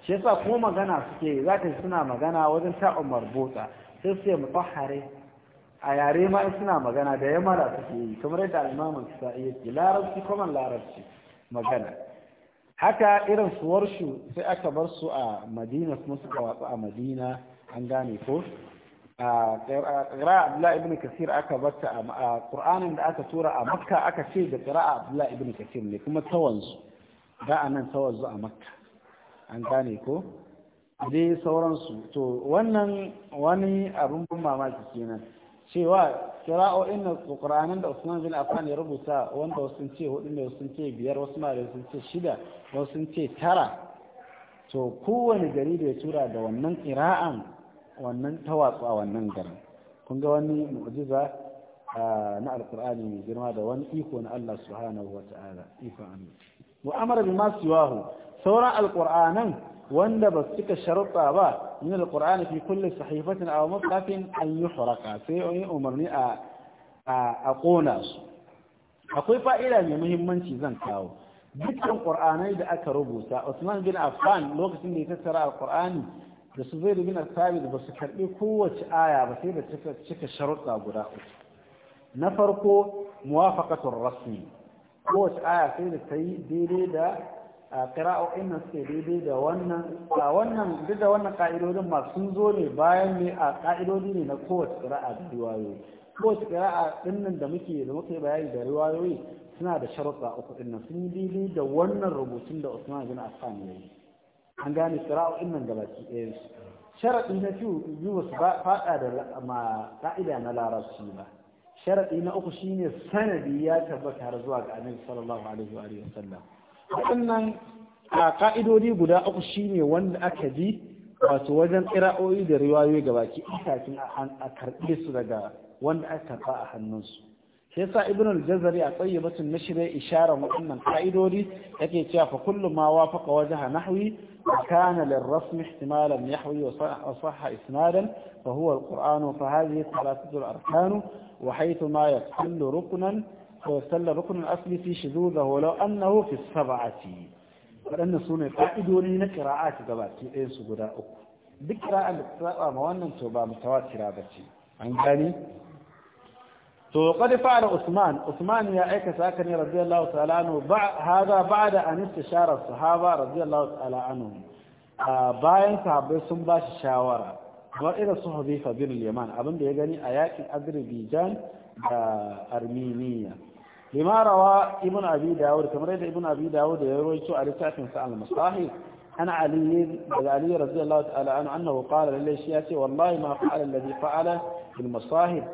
shi yasa ko magana suke za ka suna magana wajen ta'un marbota sai su mutahare a yare ma suna magana da yamara suke yi kamar yadda almamin Tisa'i yake larabci kuma larabci magana haka irin suwar sai aka bar su a Madina kuma suka watsa a Madina an gane ko ƙira'a abdullahi ibn kasir aka batta a ƙur'anin da aka tura a makka aka ce da ƙira'a abdullahi ibn kasir ne kuma tawansu da a nan tawansu a makka an gane ko dai sauransu to wannan wani abin bin mamaki kenan cewa kira'o'in na ƙuranin da usman bin affan ya rubuta wanda wasu ce hudu ne wasu ce biyar wasu ma da sun ce shida wasu ce tara to kowane gari da ya tura da wannan ƙira'an wannan tawatsu a wannan garin kun ga wani mu'jiza na alkur'ani mai girma da wani iko na Allah subhanahu wa ta'ala iko Allah wa sauran alkur'anan wanda ba su cika sharuɗa ba min alkur'ani fi kulli sahifatin aw musqafin an yuhraqa sai an umarni a a kona su akwai fa'ida mai muhimmanci zan kawo dukkan qur'anai da aka rubuta Usman bin Affan lokacin da ya tattara alkur'ani da su zai bin al-thabit ba su karbi kowace aya ba sai da cika sharuɗa guda uku na farko muwafaqatur rasmi kowace aya sai da ta yi daidai da a ƙira'o'in nan suke daidai da wannan a wannan duk da wannan ƙa'idodin ma sun zo ne bayan ne a ƙa'idodi ne na kowace ƙira'a da riwayoyi kowace ƙira'a ɗin nan da muke da muke bayani da riwayoyi suna da sharuɗa uku ɗin nan sun yi daidai da wannan rubutun da Usman bin Affan ya yi an gane in nan gaba ki ɗaya su sharaɗi na biyu ba su faɗa da ma ƙa'ida na larabci ba sharaɗi na uku shine sanadi ya tabbata har zuwa ga annabi sallallahu alaihi wa alihi wasallam a ƙa'idodi guda uku shine wanda aka bi wasu wajen ƙira'o'i da riwayoyi ga baki kafin a karɓe su daga wanda aka karɓa a hannunsu shi yasa ibn al-jazari a tsayyibatin nashri isharar waɗannan fa'idodi yake cewa fa kullu ma wafaqa wajha nahwi kana lirrasm ihtimalan yahwi wa sahha isnadan fa huwa al-qur'an fa hadhihi thalathatu al-arkan wa haythu ma yasallu ruknan fa yasallu ruknan asli fi shududahu law annahu fi sab'ati waɗannan sune ka'idodi na qira'at gabaki ɗayan su guda uku duk qira'an da ta ma wannan to ba mutawatira bace an gane to qad fa'ala Usman Usman ya aikata haka ne radiyallahu ta'ala anhu hada ba'da an istishara sahaba radiyallahu ta'ala anhu bayan sahabbai sun ba shi shawara kamar irin su Hudayfa bin Yaman abin da ya gani a yakin Azerbaijan da Armenia lima rawa ibn abi dawud kamar yadda ibn abi dawud ya rawaito a littafin sa al-musahih ana ali daga ali radiyallahu ta'ala anhu annahu qala lillahi shi yace wallahi ma fa'ala alladhi fa'ala bil masahib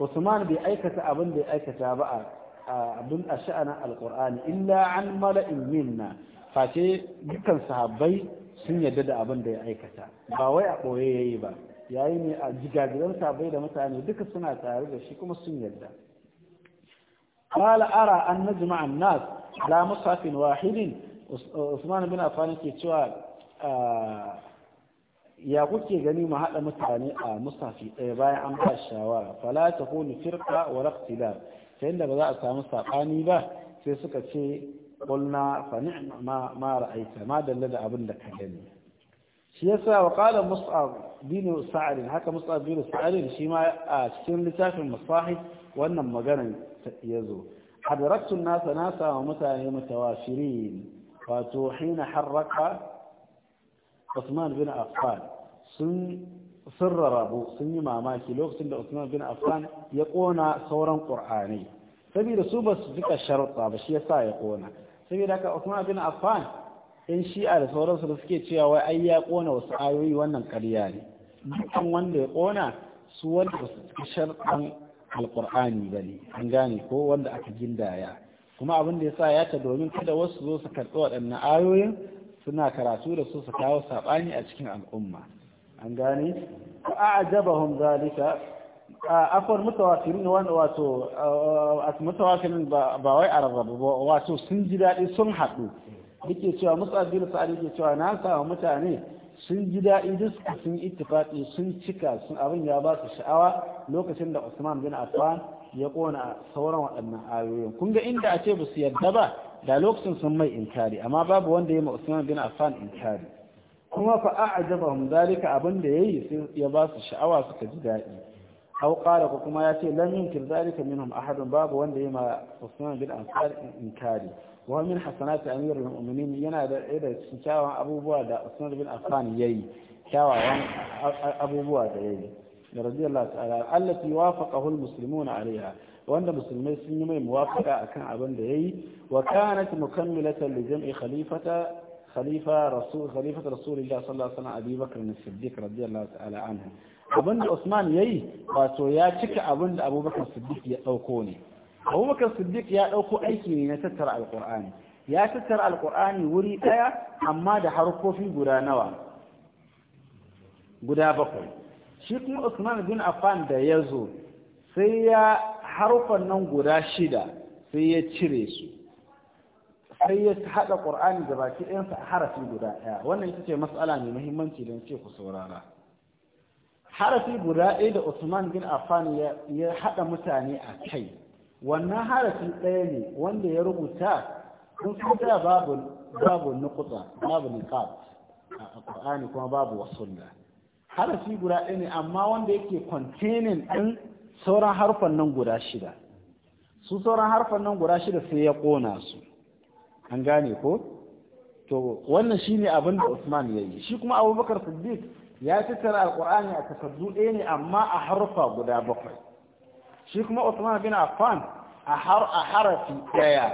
Usman bai aikata abin da ya aikata ba a abin a sha'anin alkur'ani illa an mala'in minna face dukkan sahabbai sun yadda da abin da ya aikata ba wai a ɓoye ya yi ba yayi ne a jigagiran sahabbai da mutane duka suna tare da shi kuma sun yarda قال أرى nas? نجمع الناس على مصحف واحد usman bin عفان ke cewa. Ah, ya kuke gani mu haɗa mutane a musafi ɗaya bayan an ba shawara fala ta kunu firka wa raktila ta yadda ba za a samu saɓani ba sai suka ce ƙulna fa ni'ma ma ra'aita ma dalla da abin da ka gani shi yasa wa qala mus'ab bin sa'd haka mus'ab bin sa'd shi ma a cikin littafin musahih wannan maganar yazo zo an-nasa na samu mutane mutawashirin wato hina harraka Usman bin Affan sun rarrabu sun yi mamaki lokacin da Usman bin Affan ya kona sauran Qur'ani saboda su ba su jika sharuɗa ba shi yasa ya kona saboda haka Usman bin Affan in shi'a da sauransu da suke cewa wai ai ya kona wasu ayoyi wannan ƙarya ne dukkan wanda ya kona su wanda ba su jika sharuɗan al ba ne an gane ko wanda aka gindaya kuma abin da ya sa ya ta domin kada wasu zo su karɓi waɗannan ayoyin suna karatu da su su kawo saɓani a cikin al'umma an gane fa'ajabahum zalika afwan mutawafirin wato mutawafirin ba wai a ba wato sun ji daɗi sun haɗu yake cewa musa bin sa'ad yake cewa na samu mutane sun ji daɗi duk sun ittifaqi sun cika sun abin ya ba su sha'awa lokacin da Usman bin Affan ya kona sauran waɗannan ayoyin kun ga inda a ce ba su yadda ba da lokacin sun mai inkari amma babu wanda ya ma Usman bin Affan inkari kuma fa a'jabahum dalika abin da yayi sai ya ba su sha'awa suka ji daɗi aw qala ko kuma ya ce lam yunkir dalika minhum ahadun babu wanda ya ma Usman bin Affan inkari wa min hasanati amirul mu'minin yana da ida kyawawan abubuwa da Usman bin Affan yayi kyawawan abubuwa da yayi da radiyallahu ta'ala allati wafaqahu al alaiha wanda musulmai sun yi mai muwafaka kan abin da ya yi wa kanat mukammilatan li jam'i khalifata khalifa rasul khalifata rasulillah sallallahu alaihi wasallam Abi Bakr as-Siddiq radiyallahu ta'ala anhu abin da Usman ya yi, wato ya cika abin da Abubakar Siddiq ya dauko ne Abubakar Siddiq ya dauko aiki ne na tattara alqur'ani ya tattara alqur'ani wuri daya amma da harkofi guda nawa guda bakwai shi kuma Usman bin Affan da ya zo sai ya harufan nan guda shida sai ya cire su sai ya haɗa ƙur'ani da baki ɗansa a harafi guda ɗaya wannan ita ce matsala mai muhimmanci don ce ku saurara harafi guda ɗaya da usman bin affan ya haɗa mutane a kai wannan harafi ɗaya ne wanda ya rubuta sun kuta babu babu nukuta babu niqab a ƙur'ani kuma babu wasulla harafi guda ɗaya ne amma wanda yake containing ɗin sauran harfan nan guda shida su sauran harfan nan guda shida sai ya ƙona su an gane ko to wannan shine abin da Usman ya yi shi kuma Abubakar Siddiq ya tattara alqur'ani a takardu ɗaya ne amma a harfa guda bakwai shi kuma Usman bin Affan a har a harafi ɗaya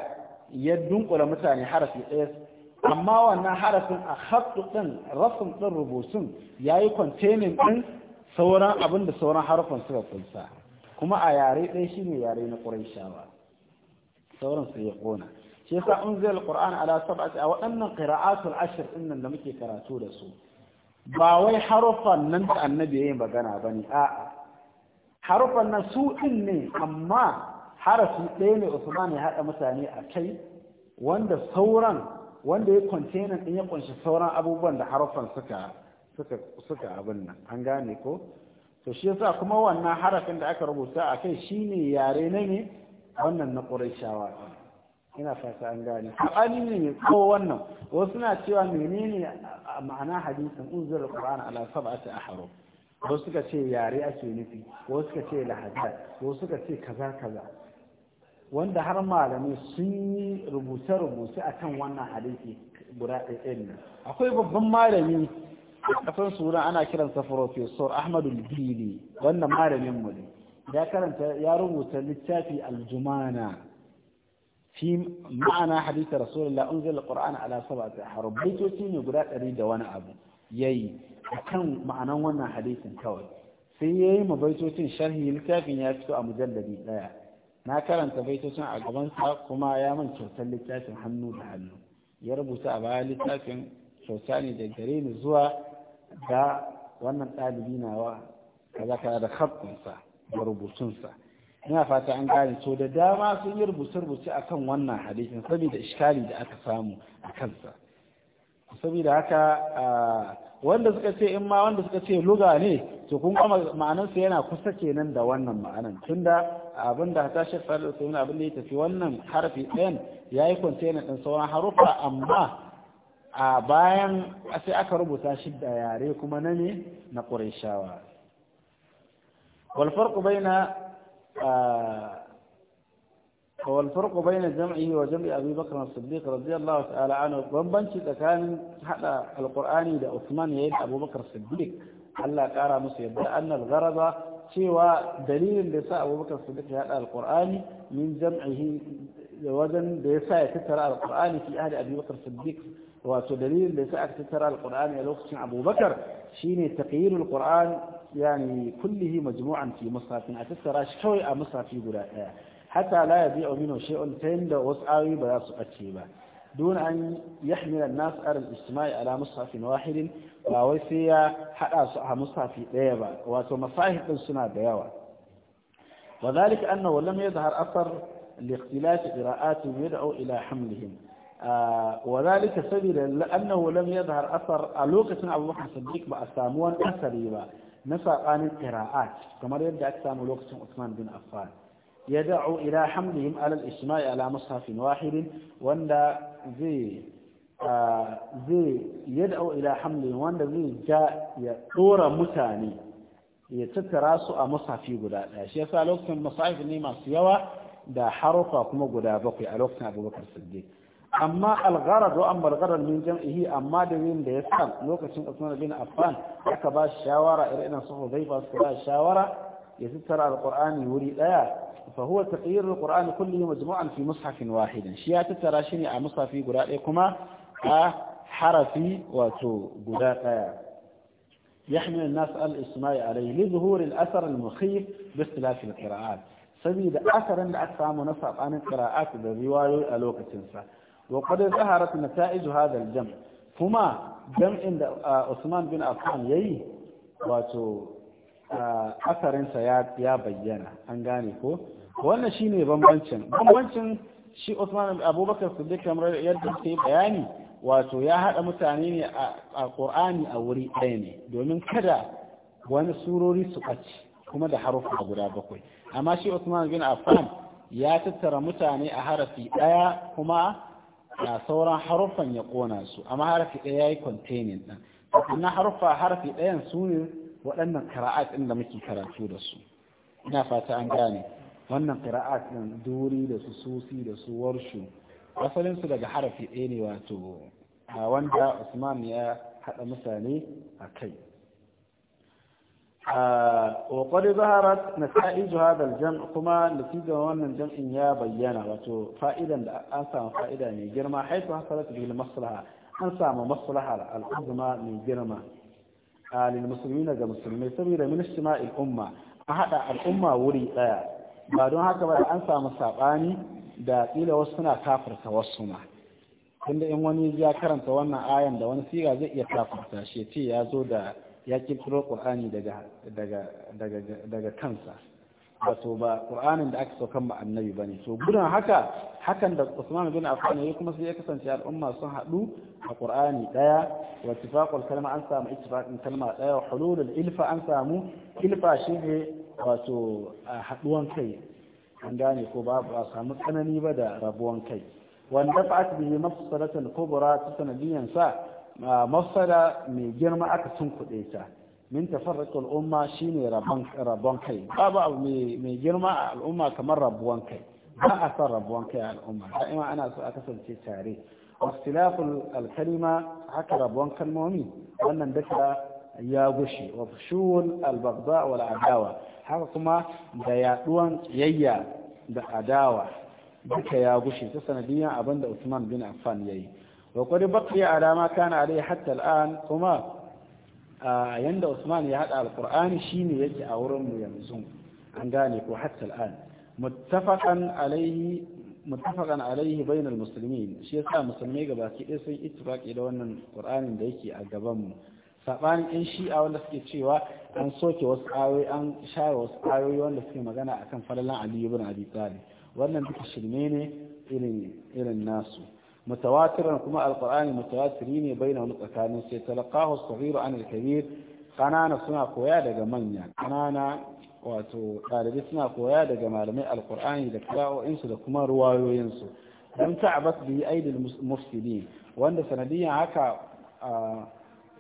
ya dunkula mutane harafi ɗaya amma wannan harafin a hatsu ɗin rasin ɗin rubutun ya yi containing ɗin sauran abin da sauran harafin suka kunsa kuma a yare ɗaya shine yare na ƙurayshawa sauran su ya kona shi yasa zai qur'an ala sab'ati a waɗannan qira'atul ashr ɗinnan da muke karatu da su ba wai harufan nan da annabi yayin magana bane a'a harufan nan su ɗin ne amma harafi ɗaya ne Usman ya haɗa mutane a kai wanda sauran wanda ya container ɗin ya kunshi sauran abubuwan da harufan suka suka suka abin nan an gane ko to shi yasa kuma wannan harafin da aka rubuta a kai shine yare na ne wannan na shawa? ina fata an gane saɓani ne mai ko wannan wasu na cewa menene ma'ana hadisin unzir qur'an ala sab'ati ahruf wasu suka ce yare ake nufi wasu suka ce lahadat wasu suka ce kaza kaza wanda har malamai sun yi rubuce-rubuce akan wannan hadisi guda ɗaya akwai babban malami kasan suna ana kiransa Profesor Ahmadu Bili wannan malamin mu ne ya karanta ya rubuta littafi aljumana fi ma'ana hadisi rasulullah unzila alquran ala sab'ati haruf ne guda ɗari da wani abu yayi akan ma'anan wannan hadisin kawai sai yayi ma baitocin sharhi littafin ya fito a mujalladi daya na karanta baitocin a gabansa kuma ya man kyautar littafin hannu da hannu ya rubuta a baya littafin kyauta ne da gare ni zuwa da wannan ɗalibi nawa kaza kaza da khabtinsa da rubutunsa ina fata an gane to da dama sun yi rubuce-rubuce a kan wannan hadisin saboda iskali da aka samu a kansa saboda haka wanda suka ce in ma wanda suka ce luga ne to kun kuma ma'anarsa yana kusa kenan da wannan ma'anan tunda abin da ta shafi da abin da ya tafi wannan harfi ɗayan ya yi kwantena ɗin sauran harufa amma a bayan sai aka rubuta shi da yare kuma na ne na ƙurishawa walfar ƙubai na jam'i wa jam'i abu bakar siddiq radiyallahu ta'ala anu bambanci tsakanin hada alkur'ani da usman ya yi abu bakar siddiq allah kara musu yadda annal garaba cewa dalilin da sa abu bakar siddiq ya hada alkur'ani min jam'ihi wajen da ya sa ya tattara alkur'ani fi ahli abu bakar siddiq wato dalilin da sai aka al-kur'ani a lokacin abubakar shine taqyir alqur'an yani kullihi majmu'an fi musafin a tattara shi kawai a musafi guda daya hatta la yabi'u minhu shay'un tayyib wa sa'i ba su bace ba dun an yahmil an-nas arin istima'i ala musafin wahidin ba wai sai ya hada su a musafi daya ba wato mafahidin suna da yawa wa dhalika annahu lam yadhhar athar li ikhtilaf qira'atihim yad'u ila hamlihim wa zalika saboda annahu lam yadhhar a lokacin Abu Bakar Siddiq ba a samu wani asari ba na sabanin qira'at kamar yadda aka samu lokacin Usman bin Affan yad'u ila hamlihim ala al-ijtima'i ala mushafin wahid wanda zai zai yad'u ila wanda zai ja ya dora mutane ya tattara su a musafi guda ɗaya shi yasa lokacin musahif ne masu yawa da harufa kuma guda bakwai a lokacin abubakar siddiq أما الغرض وأما الغرض من جمعه أما دوين ديسان لوكسين أثنان بين أفان أكبا الشاورة إرئنا صحو ضيفة أكبا الشاورة يزدتر القرآن يريد آيات فهو تقيير القرآن كله مجموعا في مصحف واحد شيات التراشيني على مصحف قرائكما آه، حرفي وتو قرائك يحمل الناس الإسماء عليه لظهور الأثر المخيف باختلاف القراءات سبيد أثرا لأكثر منصف عن القراءات بذيوال الوقت الثالث wa qad zaharat nata'ij hadha al-jam' kuma jam'in da Usman bin Affan yayi wato asarinsa ya bayyana an gane ko wannan shine bambancin bambancin shi Usman Abubakar Siddiq da yadda sai bayani wato ya haɗa mutane ne a ƙur'ani a wuri ɗaya ne domin kada wani surori su ɓace kuma da harufa guda bakwai amma shi Usman bin Affan ya tattara mutane a harafi ɗaya kuma da sauran haruffan ya kona su amma harafi ɗaya yayi containing din sannan haruffa harfi ɗayan su ne waɗannan qira'at ɗin da muke karatu da su ina fata an gane wannan qira'at ɗin duri da su susi da su warshu asalin su daga harafi ɗaya ne wato wanda Usman ya haɗa misali a kai وقد ظهرت نتائج هذا الجمع كما نتيجة وأن الجمع يا بيانا وتو فائدا أنسى فائدة من جرمة حيث حصلت به المصلحة أنسى مصلحة العظمى من جرمة للمسلمين كمسلمين سبيلا من اجتماع الأمة أحد الأمة وري ba don haka ba da an samu saɓani وصنا ƙila wasu suna kafarta wasu ma tunda in wani ya karanta wannan ayan da wani ya kirkiro ƙur'ani daga kansa wato ba ƙur'anin da aka saukan ma annabi bane so gudun haka hakan da Usman bin Affan ya kuma sai ya kasance al'umma sun haɗu a ƙur'ani ɗaya wa tifaqul kalma an samu ittifaqin kalma ɗaya wa hululul ilfa an samu ilfa shine wato haɗuwan kai an gane ko ba a samu tsanani ba da rabuwan kai wanda fa'at bihi mafsalatan kubra ta sanadiyan sa mafsada mai girma aka sun kuɗe ta min tafarraqul umma shine rabon rabon kai babu abu mai girma a al'umma kamar rabuwan kai ba a san rabuwan kai a al'umma da'ima ana so a kasance tare al alkalima haka rabuwan kalmomi wannan duka ya gushe wa fushul albagda wal adawa haka kuma da yaduwan kiyayya da adawa duka ya gushe ta sanadiyan abinda Usman bin Affan yayi وقد بقي على ما كان عليه حتى الآن كما يند عثمان يهدى القرآن شيني يجي gane ko عندانك وحتى الآن متفقا عليه متفقا عليه بين المسلمين شيء سا مسلمي gabaki ɗaya sun ittifaqi da wannan Qur'anin da yake a gaban mu sabanin ɗan shi'a wanda suke cewa an soke wasu ayoyi an share wasu ayoyi wanda suke magana akan falalan Ali ibn Abi wannan duka shirme ne irin nasu mutawatiran kuma alqur'ani mutawatiri ne baina wani tsakanin sai talaqahu saghir an al-kabir kanana suna koya daga manya kanana wato ɗalibi suna koya daga malamai alqur'ani da kira'o'insu da kuma ruwayoyinsu don ta'abbas bi aidil mufsidin wanda sanadiyan haka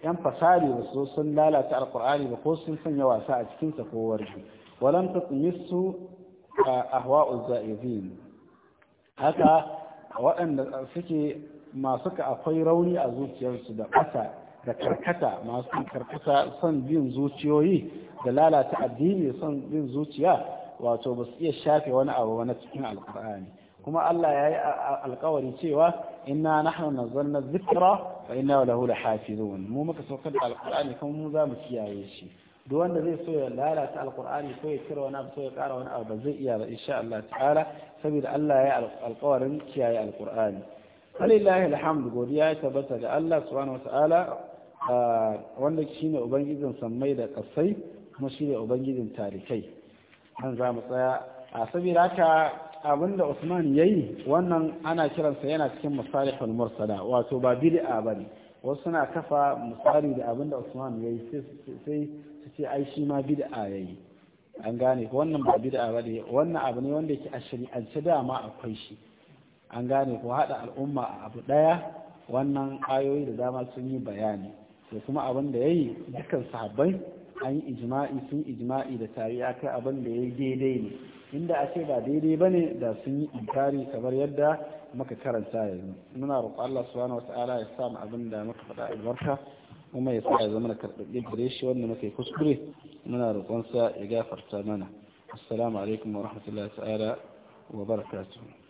yan fasari ba so sun lalata alqur'ani ba ko sun sanya wasa a cikin sa ko warji walam tatmisu ahwa'u za'izin haka waɗanda suke masu ka akwai rauni a zuciyarsu da ƙasa da karkata masu karkata son bin zuciyoyi da lalata addini son bin zuciya wato ba su iya shafe wani abu na cikin alkur'ani kuma Allah ya yi alkawari cewa inna nahnu nazzalna dhikra wa inna lahu lahafizun mu muka saukar da alkur'ani kuma mu za mu kiyaye shi duk wanda zai so ya lalata alkur'ani ko ya cire wani abu so ya kara wani abu ba zai iya ba insha Allah ta'ala saboda Allah ya alƙawarin kiyaye alkur'ani alillahi alhamdu godiya ya tabbata ga Allah subhanahu wata'ala wanda shine ubangijin sammai da kasai kuma shine ubangijin tarikai nan za mu tsaya a saboda haka abinda Usman yayi wannan ana kiransa yana cikin masalihul mursala wato ba bid'a bane wasu suna kafa misali da abinda Usman yayi sai su ai shi ma bid'a yayi an gane ko wannan ba bid'a ba ne wannan abu ne wanda yake a shari'ance dama akwai shi an gane ko haɗa al'umma a abu ɗaya wannan ayoyi da dama sun yi bayani da kuma abin da ya yi dukkan sahabbai an yi ijma'i sun ijma'i da a kai abin da ya yi daidai ne inda a ce ba daidai ba ne da sun yi inkari kamar yadda muka karanta yanzu muna roƙon Allah subhanahu wa ta'ala ya sa mu abin da muka faɗa albarka وما يصبح زمنا كالبريش وأن ما كيكسبري من الرقنسة يغافر السلام عليكم ورحمة الله تعالى وبركاته